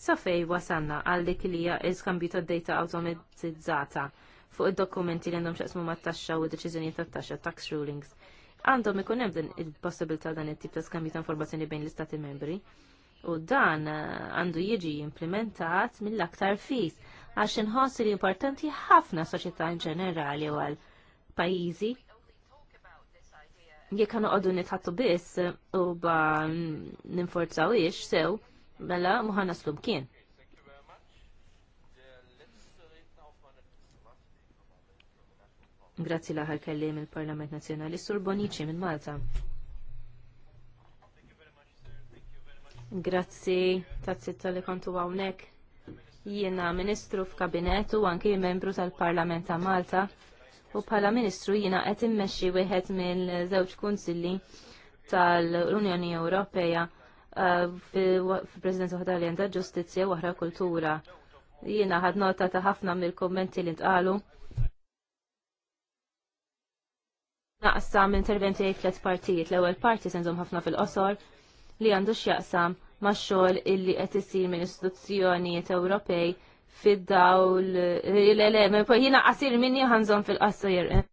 Sofej wasanna għal dik li hija iskambju ta' data automatizzata fuq id-dokumenti li għandhom xaqsmu ma' taxxa u deċiżjonijiet ta' taxxa tax rulings. Għandhom ikun hemm din il-possibilità dan it-tip ta' skambju ta' informazzjoni bejn l-istati membri. U dan eh, għandu jiġi implementat mill-aktar fis għax inħoss li importanti ħafna soċjetà in ġenerali u għal pajjiżi għana għadu nitħattu biss eh, u ba ninforzaw ix sew, mela muħan naslu kien. Grazzi laħar kelli il-Parlament Nazjonali Sur Bonici minn Malta. Grazzi, tazzi tal-li kontu għawnek. Jiena ministru f'kabinetu, u anki membru tal-Parlament ta' Malta u bħala Ministru jiena qed immexxi wieħed mill-żewġ kunsilli tal-Unjoni Ewropea eh, fil-Presidenza waħda ta għandha ġustizzja u oħra kultura. Jiena ħad nota ta' ħafna mill-kommenti li ntqalu. Naqsam interventi flet partijiet. L-ewwel parti senżom ħafna fil-qosor li għandu x'jaqsam max-xogħol illi qed isir minn istituzzjonijiet Ewropej fid-dawl, eh, l-elem, jina qasir minni ħanżon fil-qasir. Eh.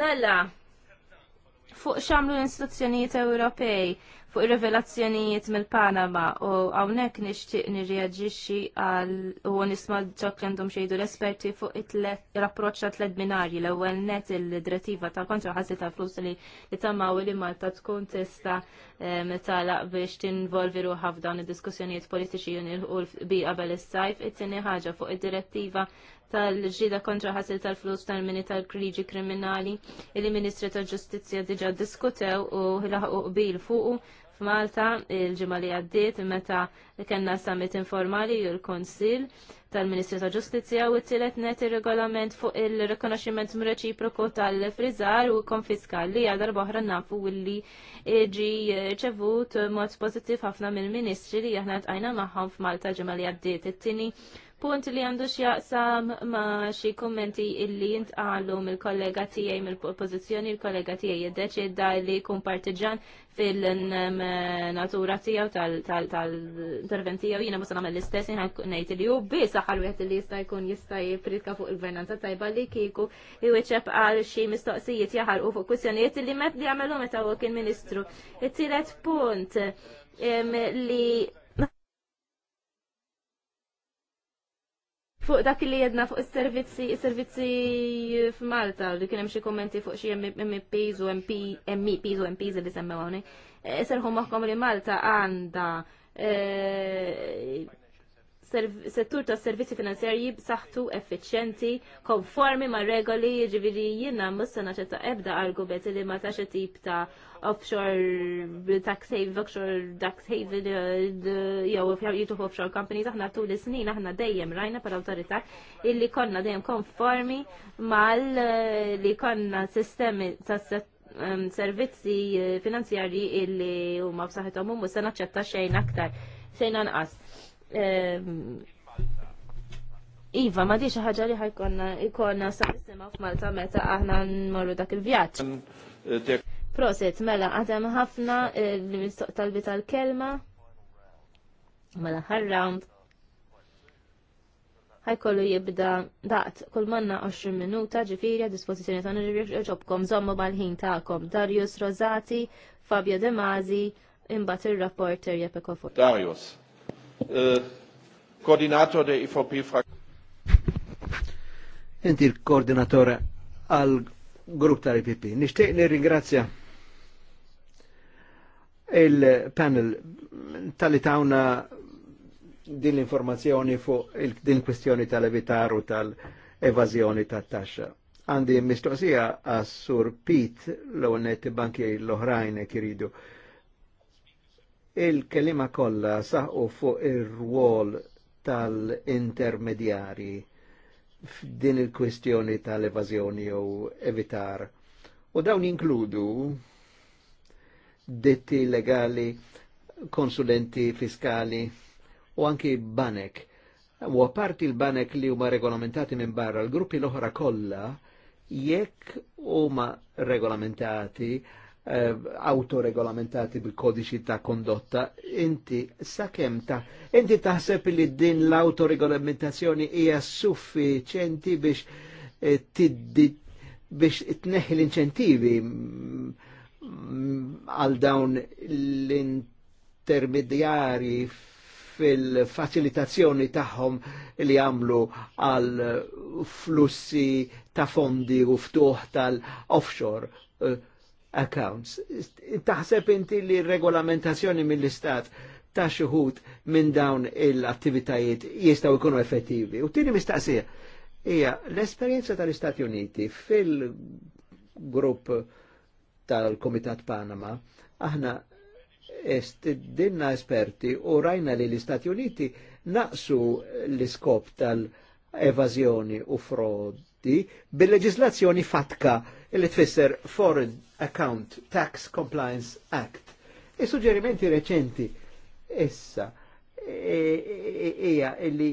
Mela, fuq xamlu l-istituzzjonijiet Ewropej, fuq revelazzjonijiet mill-Panama u hawnhekk nixtieq nirreaġixxi għal u nisma' dak li għandhom xejdu l-esperti fuq il approċċ ta' tliet binarji l-ewwel net il-direttiva ta' kontra ħassi ta' flus li li tamaw li Malta tkun tista' ehm, talaq biex tinvolvi ruħha f'dawn id-diskussjonijiet politiċi u bi qabel is-sajf, it tini ħaġa fuq id-direttiva tal-ġida kontra ħasil tal-flus tal-mini tal-kriġi kriminali il-Ministri tal-Ġustizja diġa diskutew u laħqu bil fuqu f'Malta il-ġimgħa li għaddiet meta kellna summit informali l konsil tal-Ministru ta' Ġustizzja u t-tielet net ir-regolament fuq il rekonoxximent mreċiproku tal-friżar u konfiskal li għadar boħra nafu li ġi ċevut mod pożittiv ħafna mill-Ministri li aħna tqajna magħhom f'Malta ġimgħa li għaddiet. It-tieni punt li għandu xjaqsam ma xi kummenti illi għallu mill-kollega tiegħi mill pozizjoni l-kollega tiegħi jiddeċidda li jkun partiġan fil-natura tiegħu tal interventijaw tiegħu jiena mhux nagħmel l-istess ngħid li hu biss aħħar wieħed li jista' jkun jista' jipritka fuq il-gvernanza tajba li kieku iweċeb għal xi mistoqsijiet jaħarqu fuq kwistjonijiet li met li għamelu meta u kien ministru. It-tielet punt li fuq dak li jedna fuq il servizzi il servizzi f'Malta li kienem xie kommenti fuq xie MPs u MP MEPs e u MPs li semmewani, hawnhekk. Eh, serħu maħkom li Malta għanda eh, settur ta' servizzi finanzjarji b'saħħtu effiċjenti, konformi ma' regoli, ġiviri jina mussana ċetta ebda argument li ma' taċa tip ta' offshore tax haven, offshore tax haven, eh, jew jitu offshore companies, aħna tul is-snin aħna dejjem rajna per autorita illi konna dejjem konformi mal eh, li konna sistemi ta' ehm, servizzi eh, finanzjarji illi huma b'saħħithom u se naċċetta xejn aktar xejn anqas. Ehm, iva, ma diċa ħagġa li ħajkonna ikonna sa' nisimaw f'Malta meta aħna nmorru dak il-vjaġġ. Eh, Proset, mela, għadem ħafna eh, l-mistoq talbi tal-kelma. Mela, ħarround. ħajkollu jibda daqt kull manna 20 minuta ġifiri għad dispozizjoni ta' nirriġobkom zommu bal-ħin ta'kom. Darius Rosati, Fabio De Mazi, imbat il-rapporter Jeppe Kofur. Darius. Eh, koordinator de EVP-Fraktion. Inti l koordinator għal grupp tal-IPP. Nishtiq nirringrazzja il-panel tal tawna din l-informazzjoni fu din kwestjoni tal-evitaru tal-evazjoni tal taxxa Għandi mistoqsija għas-sur Pete l-onet banki l-oħrajn kiridu. jridu Il-kelima kolla saħu fuq ir-rwol tal-intermedjari f'din il-kwestjoni tal evazjoni jew evitar. U dawn inkludu detti legali, konsulenti fiskali u anki banek. U apart il banek li huma regolamentati minn barra, l-gruppi l-oħra kollha jekk huma regolamentati eh, autoregolamentati bil-kodiċi ta' kondotta, inti sakemm ta' inti taħseb li din l-autoregolamentazzjoni hija suffiċenti biex eh, tiddi biex tneħħi l-inċentivi mm, għal dawn l-intermedjari fil-facilitazzjoni tagħhom li għamlu għal flussi ta' fondi u ftuħ tal-offshore eh, accounts. Taħseb inti li regolamentazzjoni mill-istat ta' xuħut minn dawn il-attivitajiet jistaw ikunu effettivi. U tini mistaqsija, hija l-esperienza tal-Istati Uniti fil-grupp tal-Komitat Panama, aħna estidinna esperti u rajna li l-Istati Uniti naqsu l-iskop tal-evazjoni u frodi bil-leġislazzjoni fatka li tfisser foreign Account Tax Compliance Act. I suġġerimenti reċenti issa hija e e, e, e, e, li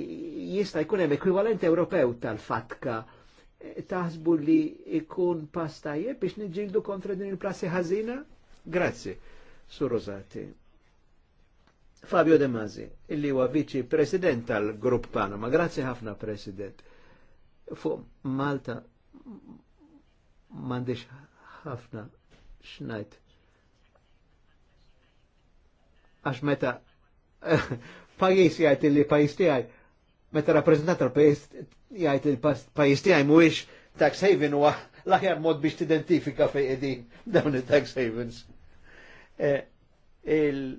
jista' jkun hemm ekwivalent Ewropew tal-fatka e, taħsbu li ikun pastajje biex niġildu kontra din il-prassi ħażina? Grazzi, Sur Rosati. Fabio De Masi, illi huwa viċi president tal-Grupp Panama, grazzi ħafna president. Fuq Malta m'għandix ħafna xnajt. Għax meta <laughs> pajis jgħajt li pajis tijaj, meta rappresentat tal-pajis jgħajt li pajis tijaj muwix tax haven u l mod biex t-identifika fej edin <laughs> dawn il-tax havens. E, il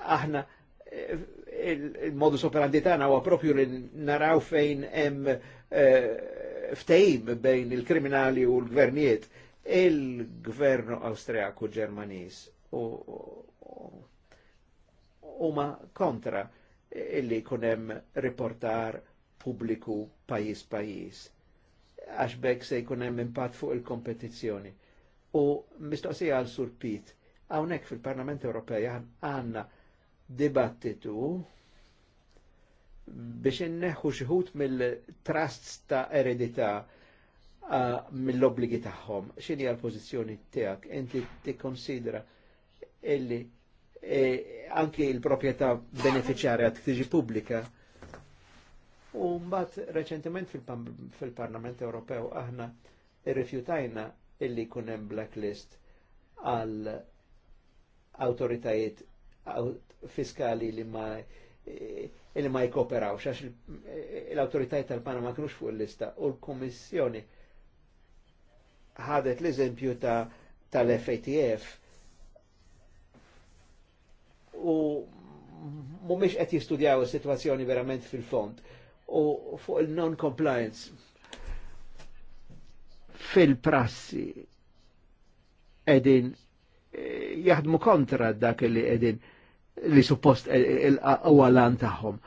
aħna il-modus operandi tagħna huwa propju li naraw fejn hemm e, ftejim bejn il-kriminali u l-gvernijiet il-gvernu austriaku ġermanis u huma kontra illi kunem riportar pubbliku pajis pajis għax bekk se jkunem impatt fuq il-kompetizzjoni. U mistoqsija għal surpit, għawnek fil-Parlament Ewropej għanna dibattitu biex inneħu xħut mill trust ta' eredità mill-obligi tagħhom. X'inhi l-pożizzjoni tiegħek? Inti tikkonsidra illi e, anki l-proprjetà beneficjarja tiġi pubblika. U mbagħad reċentement fil-Parlament Ewropew aħna irrifjutajna illi jkun hemm blacklist għal autoritajiet fiskali li ma' Eh, illi ma jkoperawx għax l autoritajt tal-Panama kienux fuq il-lista u l-Kommissjoni ħadet l-eżempju ta' tal-FATF u mumiex qed jistudjaw is-sitwazzjoni verament fil-fond u fuq il-non-compliance fil-prassi edin eh, jaħdmu kontra dak li edin li suppost e- e- huwa lan tagħhom.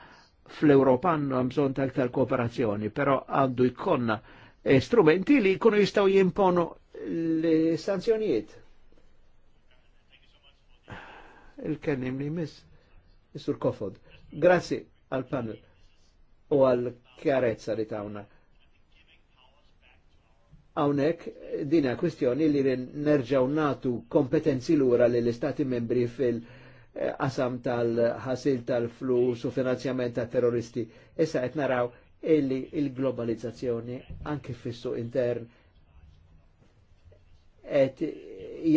Fl-Ewropa għandna bżonn tal aktar kooperazzjoni, però għandu jkollna e strumenti li jkunu jistgħu jimponu l-sanzjonijiet. Il-kennim li miss, Sur Kofod. Grazzi għal panel u għal kjarezza li tawna. Għawnek, dina kwistjoni li nerġaw natu kompetenzi l-ura li l istati membri fil- qasam tal-ħasil tal-flus u finanzjament ta' terroristi. Issa qed naraw illi il-globalizzazzjoni anke fissu intern qed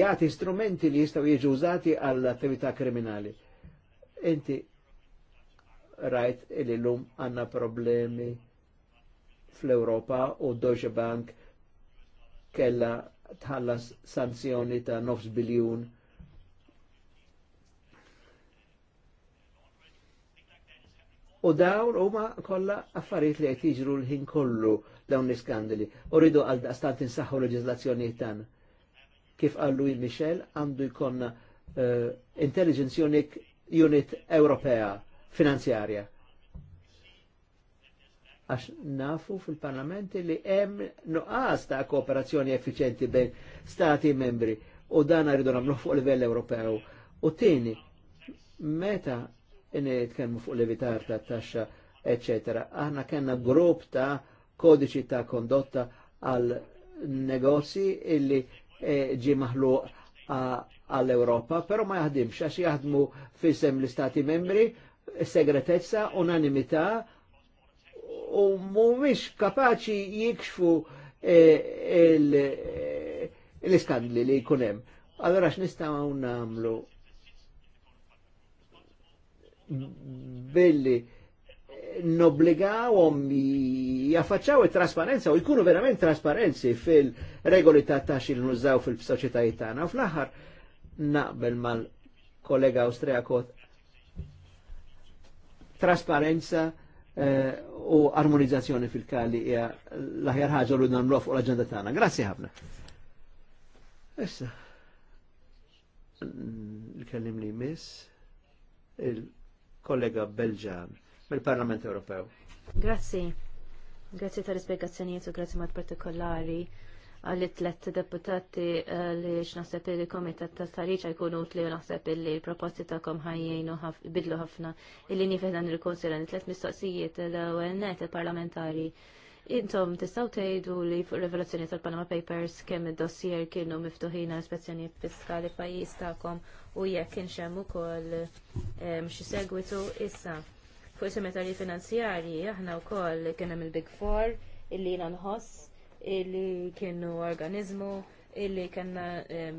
jagħti strumenti li jistgħu jiġu użati għall-attività kriminali. Inti rajt illi lum għandna problemi fl-Europa u Deutsche Bank kella tħallas sanzjoni ta' 9 biljun U dawn huma kollha affarijiet li qed jiġru l-ħin kollu dawn l-iskandali. U rridu għal daqstant insaħħu leġislazzjonijiet tan. Kif qal Louis Michel għandu jkollna uh, eh, Intelligence Unit, Unit Ewropea finanzjarja. Għax nafu fil parlament li hemm nuqqas ta' kooperazzjoni effiċenti bejn stati membri u dan rridu nagħmlu fuq livell Ewropew. U tieni, meta nitkellmu fuq levitar ta' taxxa, eccetera. Aħna kellna grupp ta' kodiċi ta' kondotta għal negozji illi e, ġi e, maħluq għall-Europa, pero ma jaħdimx għax jaħdmu fisem l-Istati membri, segretezza, unanimità u mhumiex kapaċi jikxfu e, e l-iskandli li jkun hemm. Allora x'nistgħu nagħmlu billi nobbligawhom jaffaċċaw it-trasparenza u jkunu verament trasparenzi fil-regoli ta' taxxi li nużaw fil-soċjetajiet tagħna. Fl-aħħar naqbel mal-kollega Austriakot, trasparenza eh, u armonizzazzjoni fil-kali hija l-aħjar ħaġa li nagħmluha fuq l-aġenda tagħna. Grazzi ħafna. Issa. Nkellim li miss il- kollega Belġan mill-Parlament Ewropew. Grazzi. Grazzi tal ispiegazzjoniet u grazzi mod partikolari għalli tlet deputati eh, li xnaħseb li komitat ta' sariċ jkunu utli u naħseb li proposti ta' kom ħajjenu bidlu ħafna illi nifedan il konsilan għan tlet mistoqsijiet l-għennet parlamentari Intom tistaw tgħidu li fuq revelazzjoni tal-Panama Papers kemm id-dossier kienu miftuħina l ispezzjonijiet fiskali pajis tagħkom u jekk kienx hemm ukoll xi segwitu issa. Fuq is-semetarji finanzjarji aħna wkoll kien hemm il-Big Four illi jiena nħoss illi kienu organizmu illi kena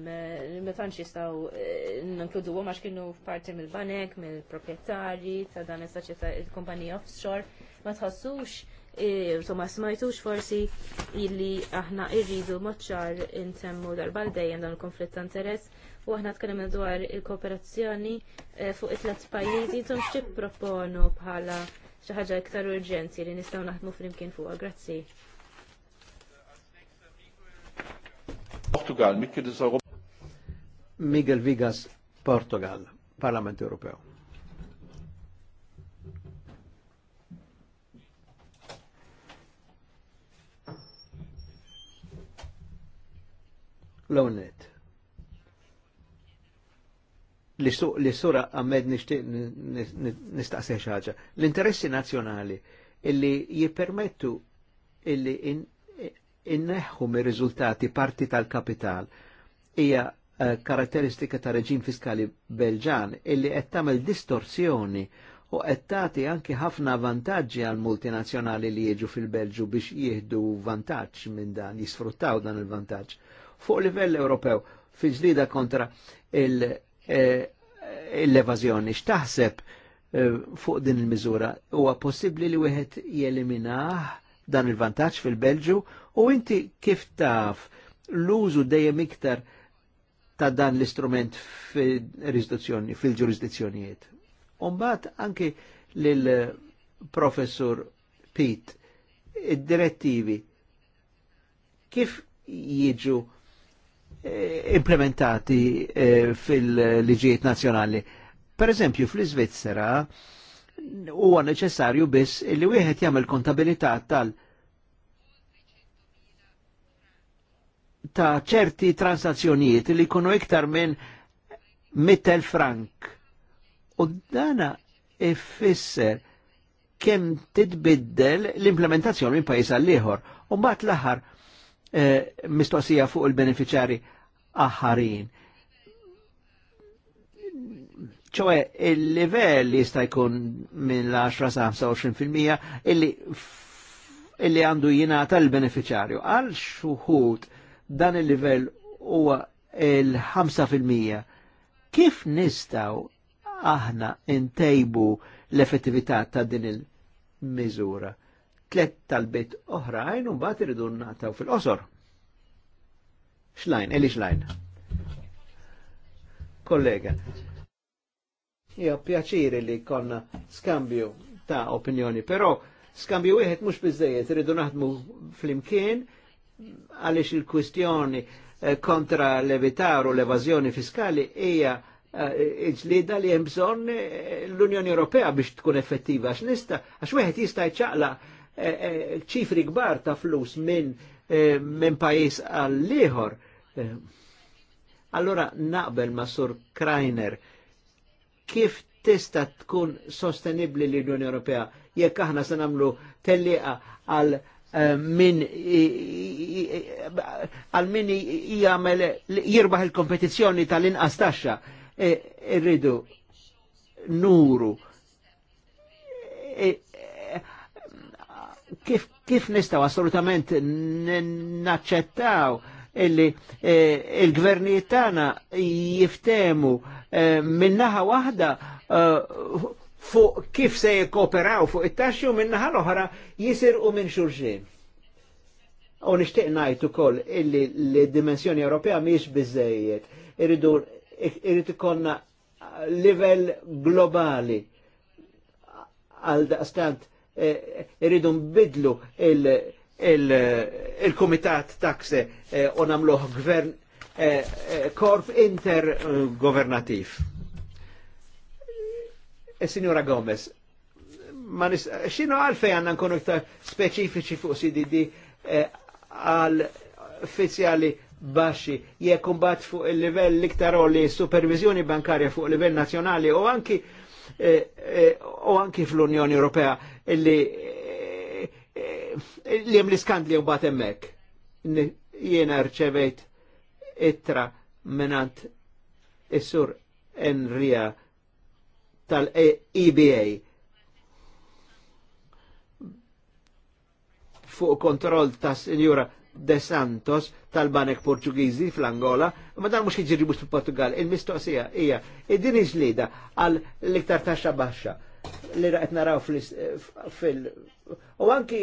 metanċ jistaw eh, ninkludu għom għax kienu parti mill-banek, mill-propietari, ta' dan il-soċieta il-kompanija offshore, ma tħassux. E, insomma smajtux forsi illi aħna irridu moċċar intemmu darba dejjem dan il-konflitt ta' interess u aħna tkellimna dwar il-kooperazzjoni e, fuq it-tlet pajjiżi intom x'tipproponu bħala xi ħaġa iktar urġenti li nistgħu naħdmu flimkien fuqha. Grazzi. Portugal, Miguel Vigas, Portugal, Parlament Ewropew. l onet l sura għammed nistaqse xaġa. L-interessi nazjonali illi jipermettu illi inneħħu mir rizultati parti tal-kapital hija eh, karakteristika ta' reġim fiskali Belġan illi qed tagħmel distorsjoni u qed tagħti anki ħafna vantaġġi għal multinazzjonali li jiġu fil-Belġu biex jieħdu vantaġġ minn dan, jisfruttaw dan il-vantaġġ fuq livell Ewropew fi ġlida kontra eh, l-evażjoni. X'taħseb eh, fuq din il-miżura huwa possibbli li wieħed jeliminah dan il-vantaġġ fil-Belġu u inti kif taf l-użu dejjem iktar ta' dan l-istrument fil-ġurisdizzjonijiet. Umbat anke l-professur Pete, id-direttivi, kif jiġu implementati eh, fil-liġijiet nazjonali. Per eżempju, fl-Iżvizzera huwa neċessarju biss li wieħed jagħmel kontabilità tal- ta' ċerti transazzjonijiet li jkunu iktar minn 100.000 frank. U dana ifisser kemm titbiddel l-implementazzjoni minn pajis għall ieħor. U mbagħad l-aħħar eh, mistoqsija fuq il-beneficjari aħħarin. ċoħe, il-level jista' jkun minn l-10 sa 25% illi illi għandu jinata l-beneficjarju. Għal xuħut dan il-level huwa il-5%. Kif nistaw aħna intejbu l-effettività ta' din il-miżura? Tlet talbit oħrajn u bat irridu nataw fil-qosor. Xlajn, Eli Xlajn. Kollega, Jo, pjaċiri li konna skambju ta' opinjoni, però skambju wieħed mhux biżejjed rridu naħdmu flimkien għaliex il-kwistjoni eh, kontra l-evitar u l evazjoni fiskali hija eh, ġlida li hemm bżonn eh, l-Unjoni Ewropea biex tkun effettiva għax nista għax wieħed jista' jċaqla ċifri kbar ta' flus minn minn pajjiż għall ieħor Eh, allora naqbel ma' Sur Kreiner kif tista tkun sostenibli l-Unjoni Ewropea jekk aħna se nagħmlu telliqa għal eh, min għal min jagħmel jirbaħ il-kompetizzjoni tal-inqas taxxa eh, irridu nuru kif kif nistgħu assolutament naċċettaw illi eh, il-gvernijiet tagħna jiftemu eh, minnaħa waħda eh, fuq kif se jikkoperaw fuq it-taxxi u minnaħa l-oħra jisirqu minn xulxin. U nixtieq ngħid ukoll illi l-dimensjoni Ewropea mhijiex biżejjed. Irridu irrid ikonna livell globali għal daqstant eh, irridu nbidlu il- il-Komitat il Takse eh, u gvern eh, eh, korf intergovernativ. Eh, Signora Gomez, ma xinu għalfej għanna nkunu iktar speċifiċi fuq CDD eh, għal fizzjali baxi jekk bat fuq il level liktar iktar li supervizjoni bankarja fuq il-level nazjonali u anki eh, u anki fl-Unjoni Ewropea illi li jem l-iskandli u bat emmek. Jena rċevejt ittra menant Is-sur Enria tal-EBA e fuq kontroll ta' signora De Santos tal-Banek Portugiżi fl-Angola, ma dan mhux jiġri mhux portugal il-mistoqsija hija id-din iġlida għal l-iktar taxxa baxxa li raqet naraw fil- u anki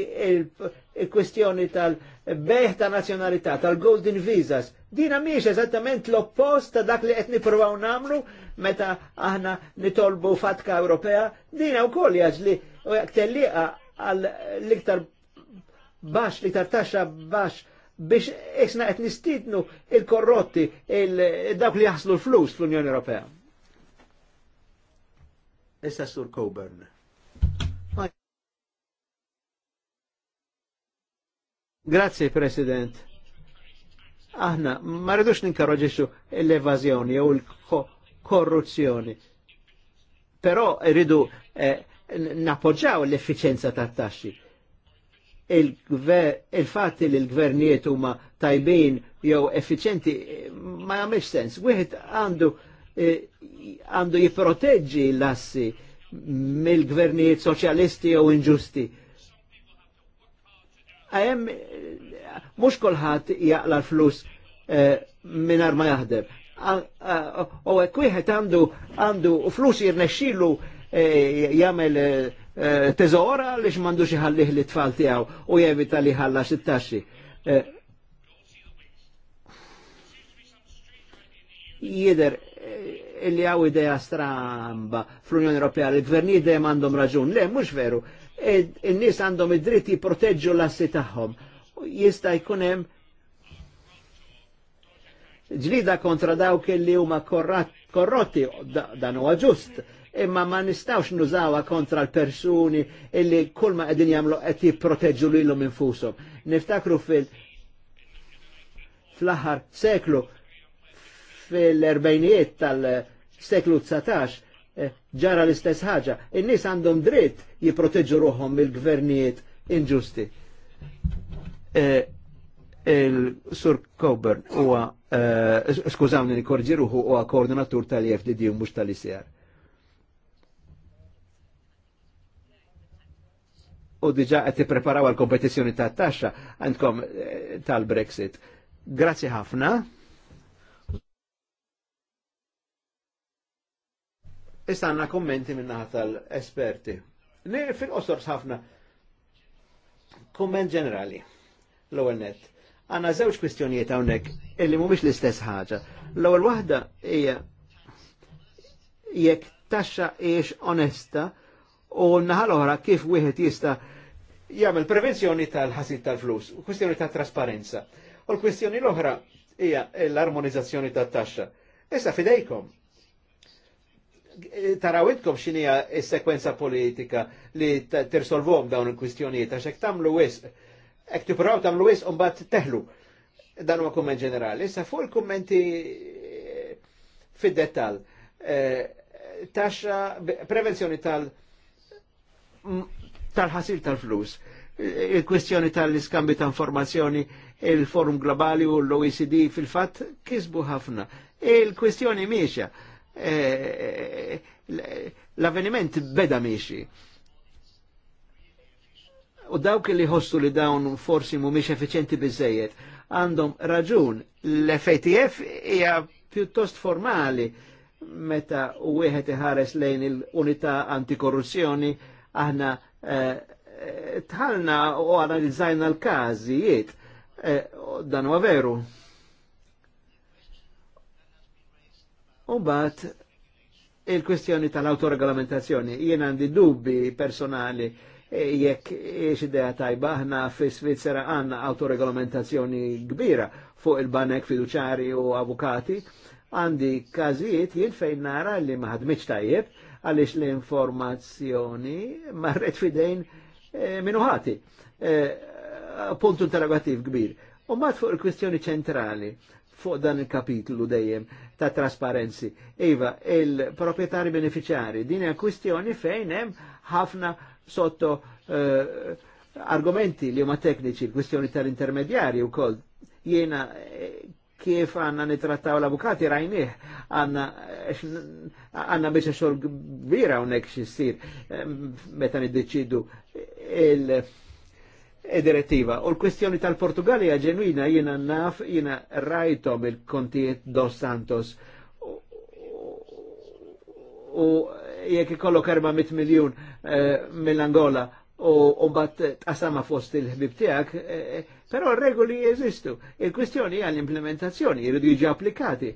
il-kwestjoni tal-beħ ta' nazjonalità, tal-golden visas, dina miex eżattament l-oppost ta' dak li etni provaw namlu meta aħna nitolbu fatka Ewropea, dina u wkoll jaġli u jak telliqa għal liktar bax, liktar taxa bax biex isna qed nistidnu il-korrotti il-dawk li jaħslu l-flus fl-Unjoni Ewropea. Issa Sur Coburn. Grazie, President. Aħna, ma rridux ninkarroġiċu l-evazjoni jew l-korruzzjoni. Però rridu eh, napoġġaw l-effiċenza ta' taxxi Il-fatt li l-gvernijiet huma tajbin jew effiċenti eh, ma jagħmilx sens. Wieħed għandu eh, għandu jipproteġġi l-assi mill-gvernijiet soċjalisti jew inġusti għajem mux kolħat jaqla l-flus eh, minar ma jahdeb. U għekwiħet għandu għandu flus jirnexxilu eh, jagħmel eh, teżora li x'mandu xieħallih li tfal tijaw u jevita li ħalla xittaxi. Jider illi għaw ideja stramba fl-Unjoni Ewropea li gvernijiet dejjem għandhom raġun. Le, mhux veru. In-nies għandhom id-dritt jipproteġġu l-assi tagħhom. Jista' jkun hemm ġlida kontra dawk li huma korrotti dan huwa ġust imma ma nistawx nużawa kontra l-persuni illi kull ma qegħdin jagħmlu qed jipproteġġu lilhom infushom. Niftakru fil fl-aħħar seklu fil-erbejnijiet tal- seklu 19 eh, ġara l-istess ħaġa. In-nies għandhom dritt jipproteġġu ruħhom mill-gvernijiet inġusti. Eh, Il-Sur Coburn huwa eh, skużawni nikorġi ruħu huwa koordinatur tal-FDD u mhux tal-ICR. U diġa qed tippreparaw għal kompetizzjoni tat-taxxa għandkom tal-Brexit. Grazzi ħafna. Istanna għanna kommenti minnaħat tal-esperti. Fil-qosor ħafna, komment ġenerali, l ewwel net. Għanna zewġ kwistjonijiet hawnhekk illi mhumiex l-istess ħaġa. L-ewwel waħda hija jekk taxxa hiex onesta u naħal oħra kif wieħed jista' jagħmel prevenzjoni tal-ħasid tal-flus, u kwistjoni ta' trasparenza. U l-kwistjoni l-oħra hija l-armonizzazzjoni tat-taxxa. Issa fidejkom, tarawitkom xinija s-sekwenza politika li tersolvom dawn il-kwistjonijiet, għax ek tamlu wisq, jek tipraw tamlu wisq un bat teħlu. Dan huwa kumment ġenerali. Issa fuq il-kummenti eh, fid detall eh, Taxxa, prevenzjoni tal- tal-ħasil tal-flus, eh, il kwistjoni tal-iskambi ta' informazzjoni, il-forum globali u l-OECD fil-fat kisbu ħafna. il kwistjoni miexja Eh, l-avveniment beda miexi. U dawk li ħossu li dawn forsi miex effiċenti biżejjed għandhom raġun l-FATF hija pjuttost formali meta wieħed iħares lejn il-unità antikorruzzjoni aħna eh, tħalna u analizzajna l-każijiet eh, dan huwa veru U bat il-kwestjoni tal-autoregolamentazzjoni. Jien għandi dubbi personali e jekk e idea tajba aħna fi Svizzera għanna autoregolamentazzjoni kbira fuq il-banek fiduċari u avukati. Għandi kazijiet jien fejn nara li maħadmiċ tajjeb għalix l-informazzjoni marret fidejn e, minuħati. E, punt interrogativ kbir. U mat fuq il-kwestjoni ċentrali fuq dan il-kapitlu dejjem ta' trasparenzi. Iva, il-proprietari beneficiari, din hija kwistjoni fejn hemm ħafna sotto eh, argomenti li huma tekniċi, kwistjoni tal-intermedjari wkoll. Jiena eh, kif għanna nitrattaw l-avukati rajnieh, għanna eh, għanna biex xogħol kbira hawnhekk xi jsir eh, meta niddeċidu il- E direttiva. U l-kwestjoni tal-Portugalija ġenwina jina naf jina rajtom il-kontijiet Dos Santos u jek ikollok 400 miljun eh, mill-Angola u bat tasama fost il-ħbib tijak, eh, pero regoli jesistu. il kwestjoni għal implementazzjoni jiridu jġi applikati.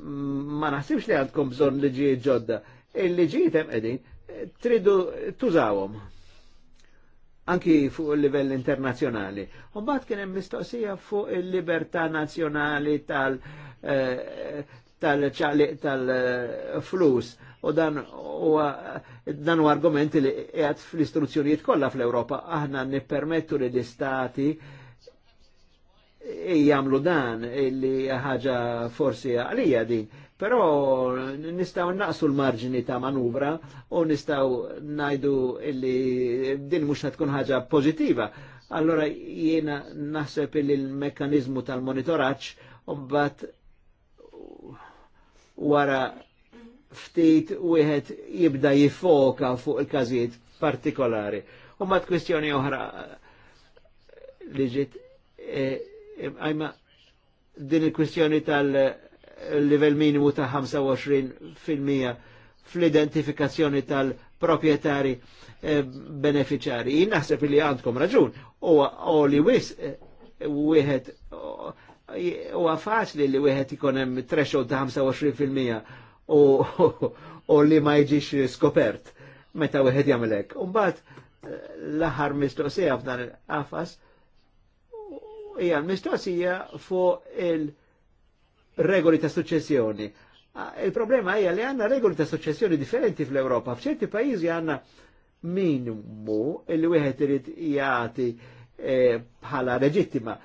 Ma naħsibx li għandkom bżon liġi ġodda. il liġi jitem edin, eh, tridu tużawom anki fuq il-livell internazjonali. U kien hemm mistoqsija fuq il-libertà nazjonali tal- eh, tal-ċaliq tal-flus u dan u dan u argumenti li għed fl-istruzzjonijiet kollha fl europa aħna nippermettu li l-istati jagħmlu dan li ħaġa forsi għalija din Però nistaw naqsu l-marġini ta' manuvra u nistaw najdu illi din mux tkun ħaġa pozitiva. Allora jiena naħseb illi l-mekkanizmu tal-monitoraċ u bat wara ftit wieħed jibda jifoka fuq il-każijiet partikolari. U mat kwestjoni oħra li għajma eh, eh, din il-kwestjoni tal- livell minimu ta' 25% fl-identifikazzjoni tal-propietari eh, beneficiari. Jien naħseb li għandkom raġun, u li wis eh, wieħed eh, u faċli li wieħed ikun hemm threshold ta' 25% u li ma jġix skopert meta wieħed jagħmel hekk. Umbagħad l-aħħar mistoqsija f'dan il-qafas hija mistoqsija fuq il-, -il regoli ta' successjoni. Ah, il-problema hija li għanna regoli ta' successjoni differenti fl-Europa. F'ċerti pajjiżi għanna minimu li wieħed irid jagħti eh, bħala leġittima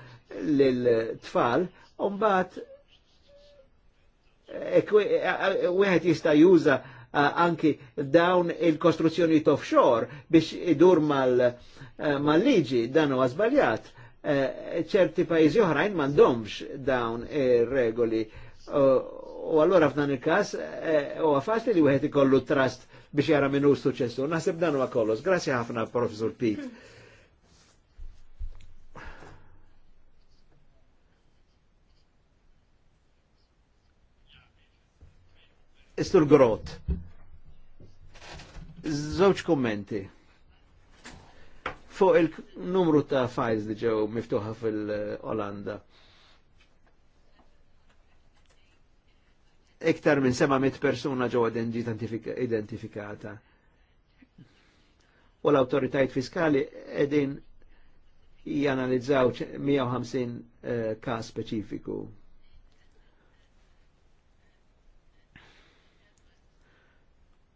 lil-tfal, u mbagħad eh, eh, wieħed jista' juża anki dawn il-kostruzzjoni offshore biex idur mal-liġi dan huwa żbaljat Eh, ċerti pajjiżi oħrajn m'għandhomx dawn ir-regoli. U allura f'dan il kas eh, u faċli li wieħed ikollu trust biex jara minnu suċessu. Naħseb dan u għakollos. Grazie ħafna professor Pete. Istur grot. Zawċ kommenti fuq il-numru ta' files li ġew miftuħa fil-Olanda. Iktar minn 700 persuna ġew identifikata. U l-autoritajt fiskali edin janalizzaw 150 uh, eh, kas specifiku.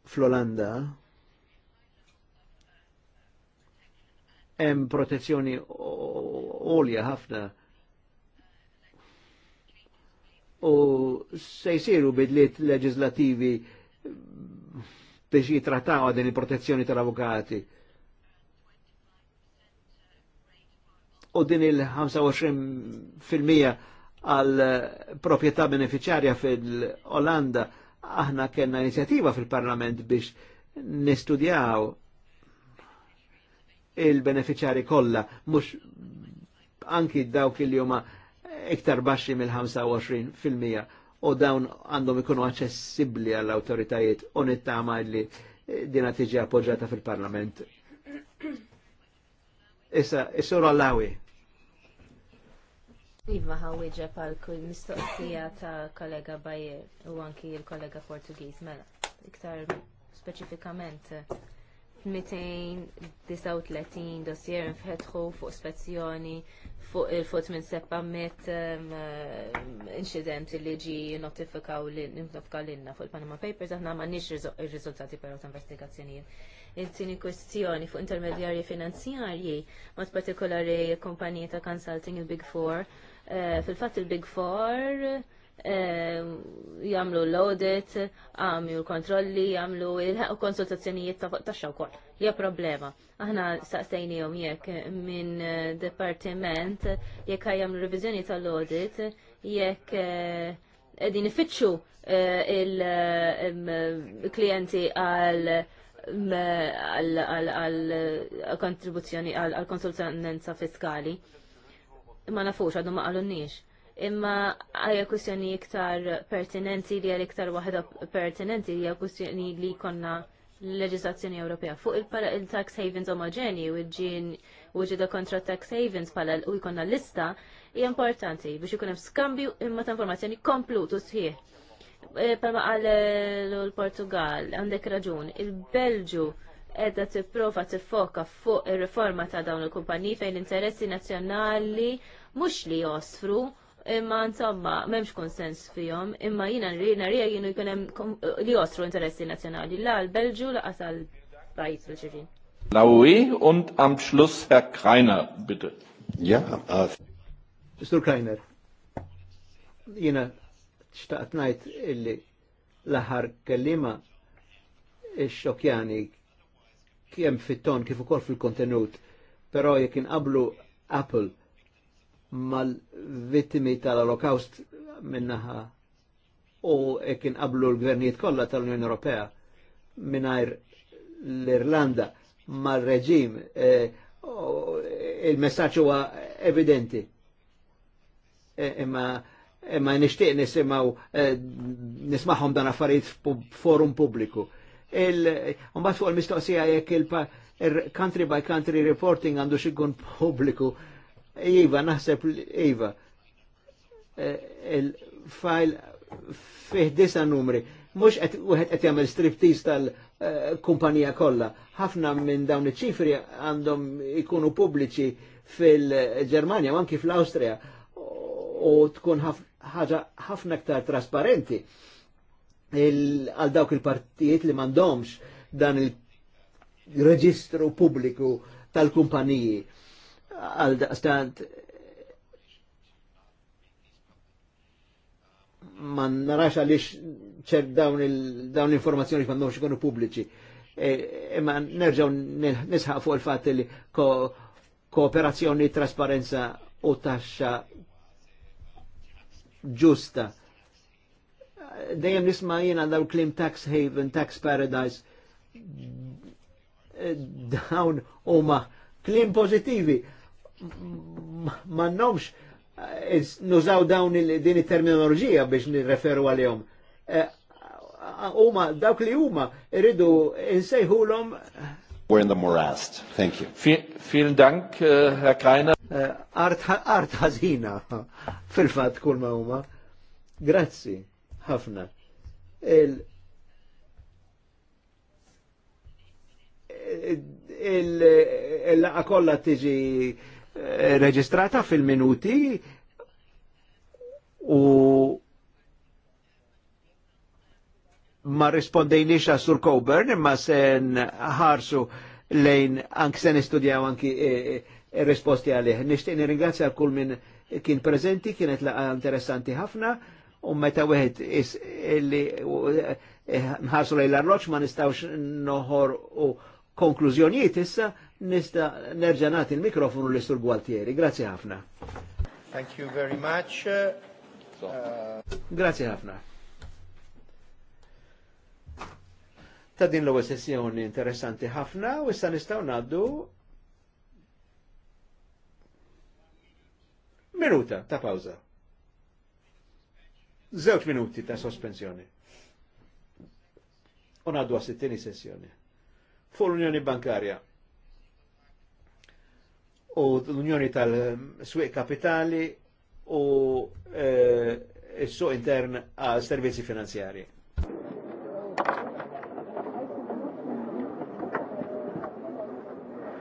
Fl-Olanda, hemm protezzjoni għolja ħafna. U se jsiru bidliet leġislativi biex jitrattaw din il-protezzjoni tal-avukati. U din il-25% għal proprjetà beneficjarja fil-Olanda aħna kena inizjattiva fil-Parlament biex nistudjaw il-beneficjari kollha mhux anki dawk li huma iktar baxxi mill-25 fil-mija u dawn għandhom ikunu aċċessibbli għall awtoritajiet u nittama li dina tiġi appoġġata fil-Parlament. Issa, issur għallawi. Iva ħawieġa pal kull mistoqsija ta' kollega Bajer u anki l kollega Portugiż mela. Iktar speċifikament 239 dossier nfetħu fuq spezzjoni fuq il-fot minn seppa met incident li ġi notifikaw l-inna fuq il-Panama Papers, aħna ma nix il-rizultati per ta' investigazzjonijiet. Il-tini kwestjoni fuq intermedjarji finanzjarji, mat partikolari kompanija ta' consulting il-Big Four, eh, fil-fat il-Big Four, Ehm, jamlu l-audit, għamlu l-kontrolli, jamlu konsultazzjonijiet ta' xawkol. Ja problema. Aħna saqsejni jom jek minn departiment jek għajamlu revizjoni tal-audit, jek edin eh, ifittxu eh, il-klienti eh, mm, għal għal kontribuzzjoni għal konsultanza fiskali. Ma nafux, għadu ma għalunniex imma għajja kwistjoni iktar pertinenti li għal iktar waħda pertinenti li għal kwistjoni li konna l-leġislazzjoni Ewropea fuq il-tax havens omogeni u ġin u ġida kontra tax havens pala u jkonna lista hija importanti biex ikun hemm skambju imma ta' informazzjoni komplutu sħiħ. E, palma għal eh, l-Portugal għandek raġun, il-Belġu edha tipprova tiffoka fuq ir-riforma ta' dawn il-kumpaniji fejn interessi nazzjonali mhux li josfru imma insomma m'hemmx konsens fihom, imma jiena narija jienu jkun hemm li jostru interessi nazzjonali la l-Belġu laqas għal pajjiż fil-ċirin. Lawi und am Schluss Herr Kreiner, bitte. Ja, äh, Mr. Kreiner, jina xtaqt ngħid illi l kellima il xokjani kjem fit-ton kif ukoll fil-kontenut, però jekk qablu Apple mal-vittimi tal-Holocaust minnaħa u ekin qablu l-gvernijiet kollha tal-Unjoni Ewropea mingħajr l-Irlanda mal-reġim eh, il-messaċ huwa evidenti. Eh, imma imma nixtieq nisimgħu eh, nismagħhom dan affarijiet forum pubbliku. Mbagħad fuq il-mistoqsija jekk il-country by country reporting għandu xikun pubbliku Iva, naħseb, Iva, e, il-fajl fih disa numri, mux għet jgħamil striptiz tal-kumpanija kolla. ħafna minn dawn iċ-ċifri għandhom ikunu pubbliċi fil-Germania, u anki fl-Austria, u tkun ħaġa ħafna ktar trasparenti għal dawk il-partijiet li mandomx dan il-reġistru pubbliku tal-kumpaniji għal daqstant ma narax għaliex ċer dawn informazzjoni informazzjoni fandomx ikonu publiċi. Imma e, e, nerġaw nisħaq fuq il-fat li kooperazzjoni, trasparenza u taxxa ġusta. Dejjem nisma' jiena daw klim tax haven, tax paradise, e, dawn huma klim pozittivi ma nomx nużaw dawn din it terminologija biex nirreferu għal-jom. Uma, dawk li huma irridu l-om. We're in the morass. Thank you. Fil Dank, Herr Kreiner. Art ħażina fil fat kull ma huma. Grazzi ħafna. Il-laqa tiġi reġistrata fil-minuti u ma rispondejniex għas Sur Coburn imma sen ħarsu lejn anki sen istudjaw anki e, e, risposti għalih. Nishtiq nirringrazzja kull min kien prezenti, kienet laqa interessanti ħafna u meta wieħed is illi nħarsu e, lejn l arroċ ma nistawx noħor u konklużjonijiet issa nista nerġa' il-mikrofonu li sur Gualtieri. Grazzi ħafna. Thank you very much. Uh... Grazzi ħafna. Ta' din l-ewwel sessjoni interessanti ħafna u issa nistgħu ngħaddu minuta ta' pawza. Zewġ minuti ta' sospensjoni. U ngħaddu għas-sittini sessjoni. Fuq l-Unjoni Bankarja u l-Unjoni tal-Swiq Kapitali u s-suq eh, intern għal servizzi finanzjari.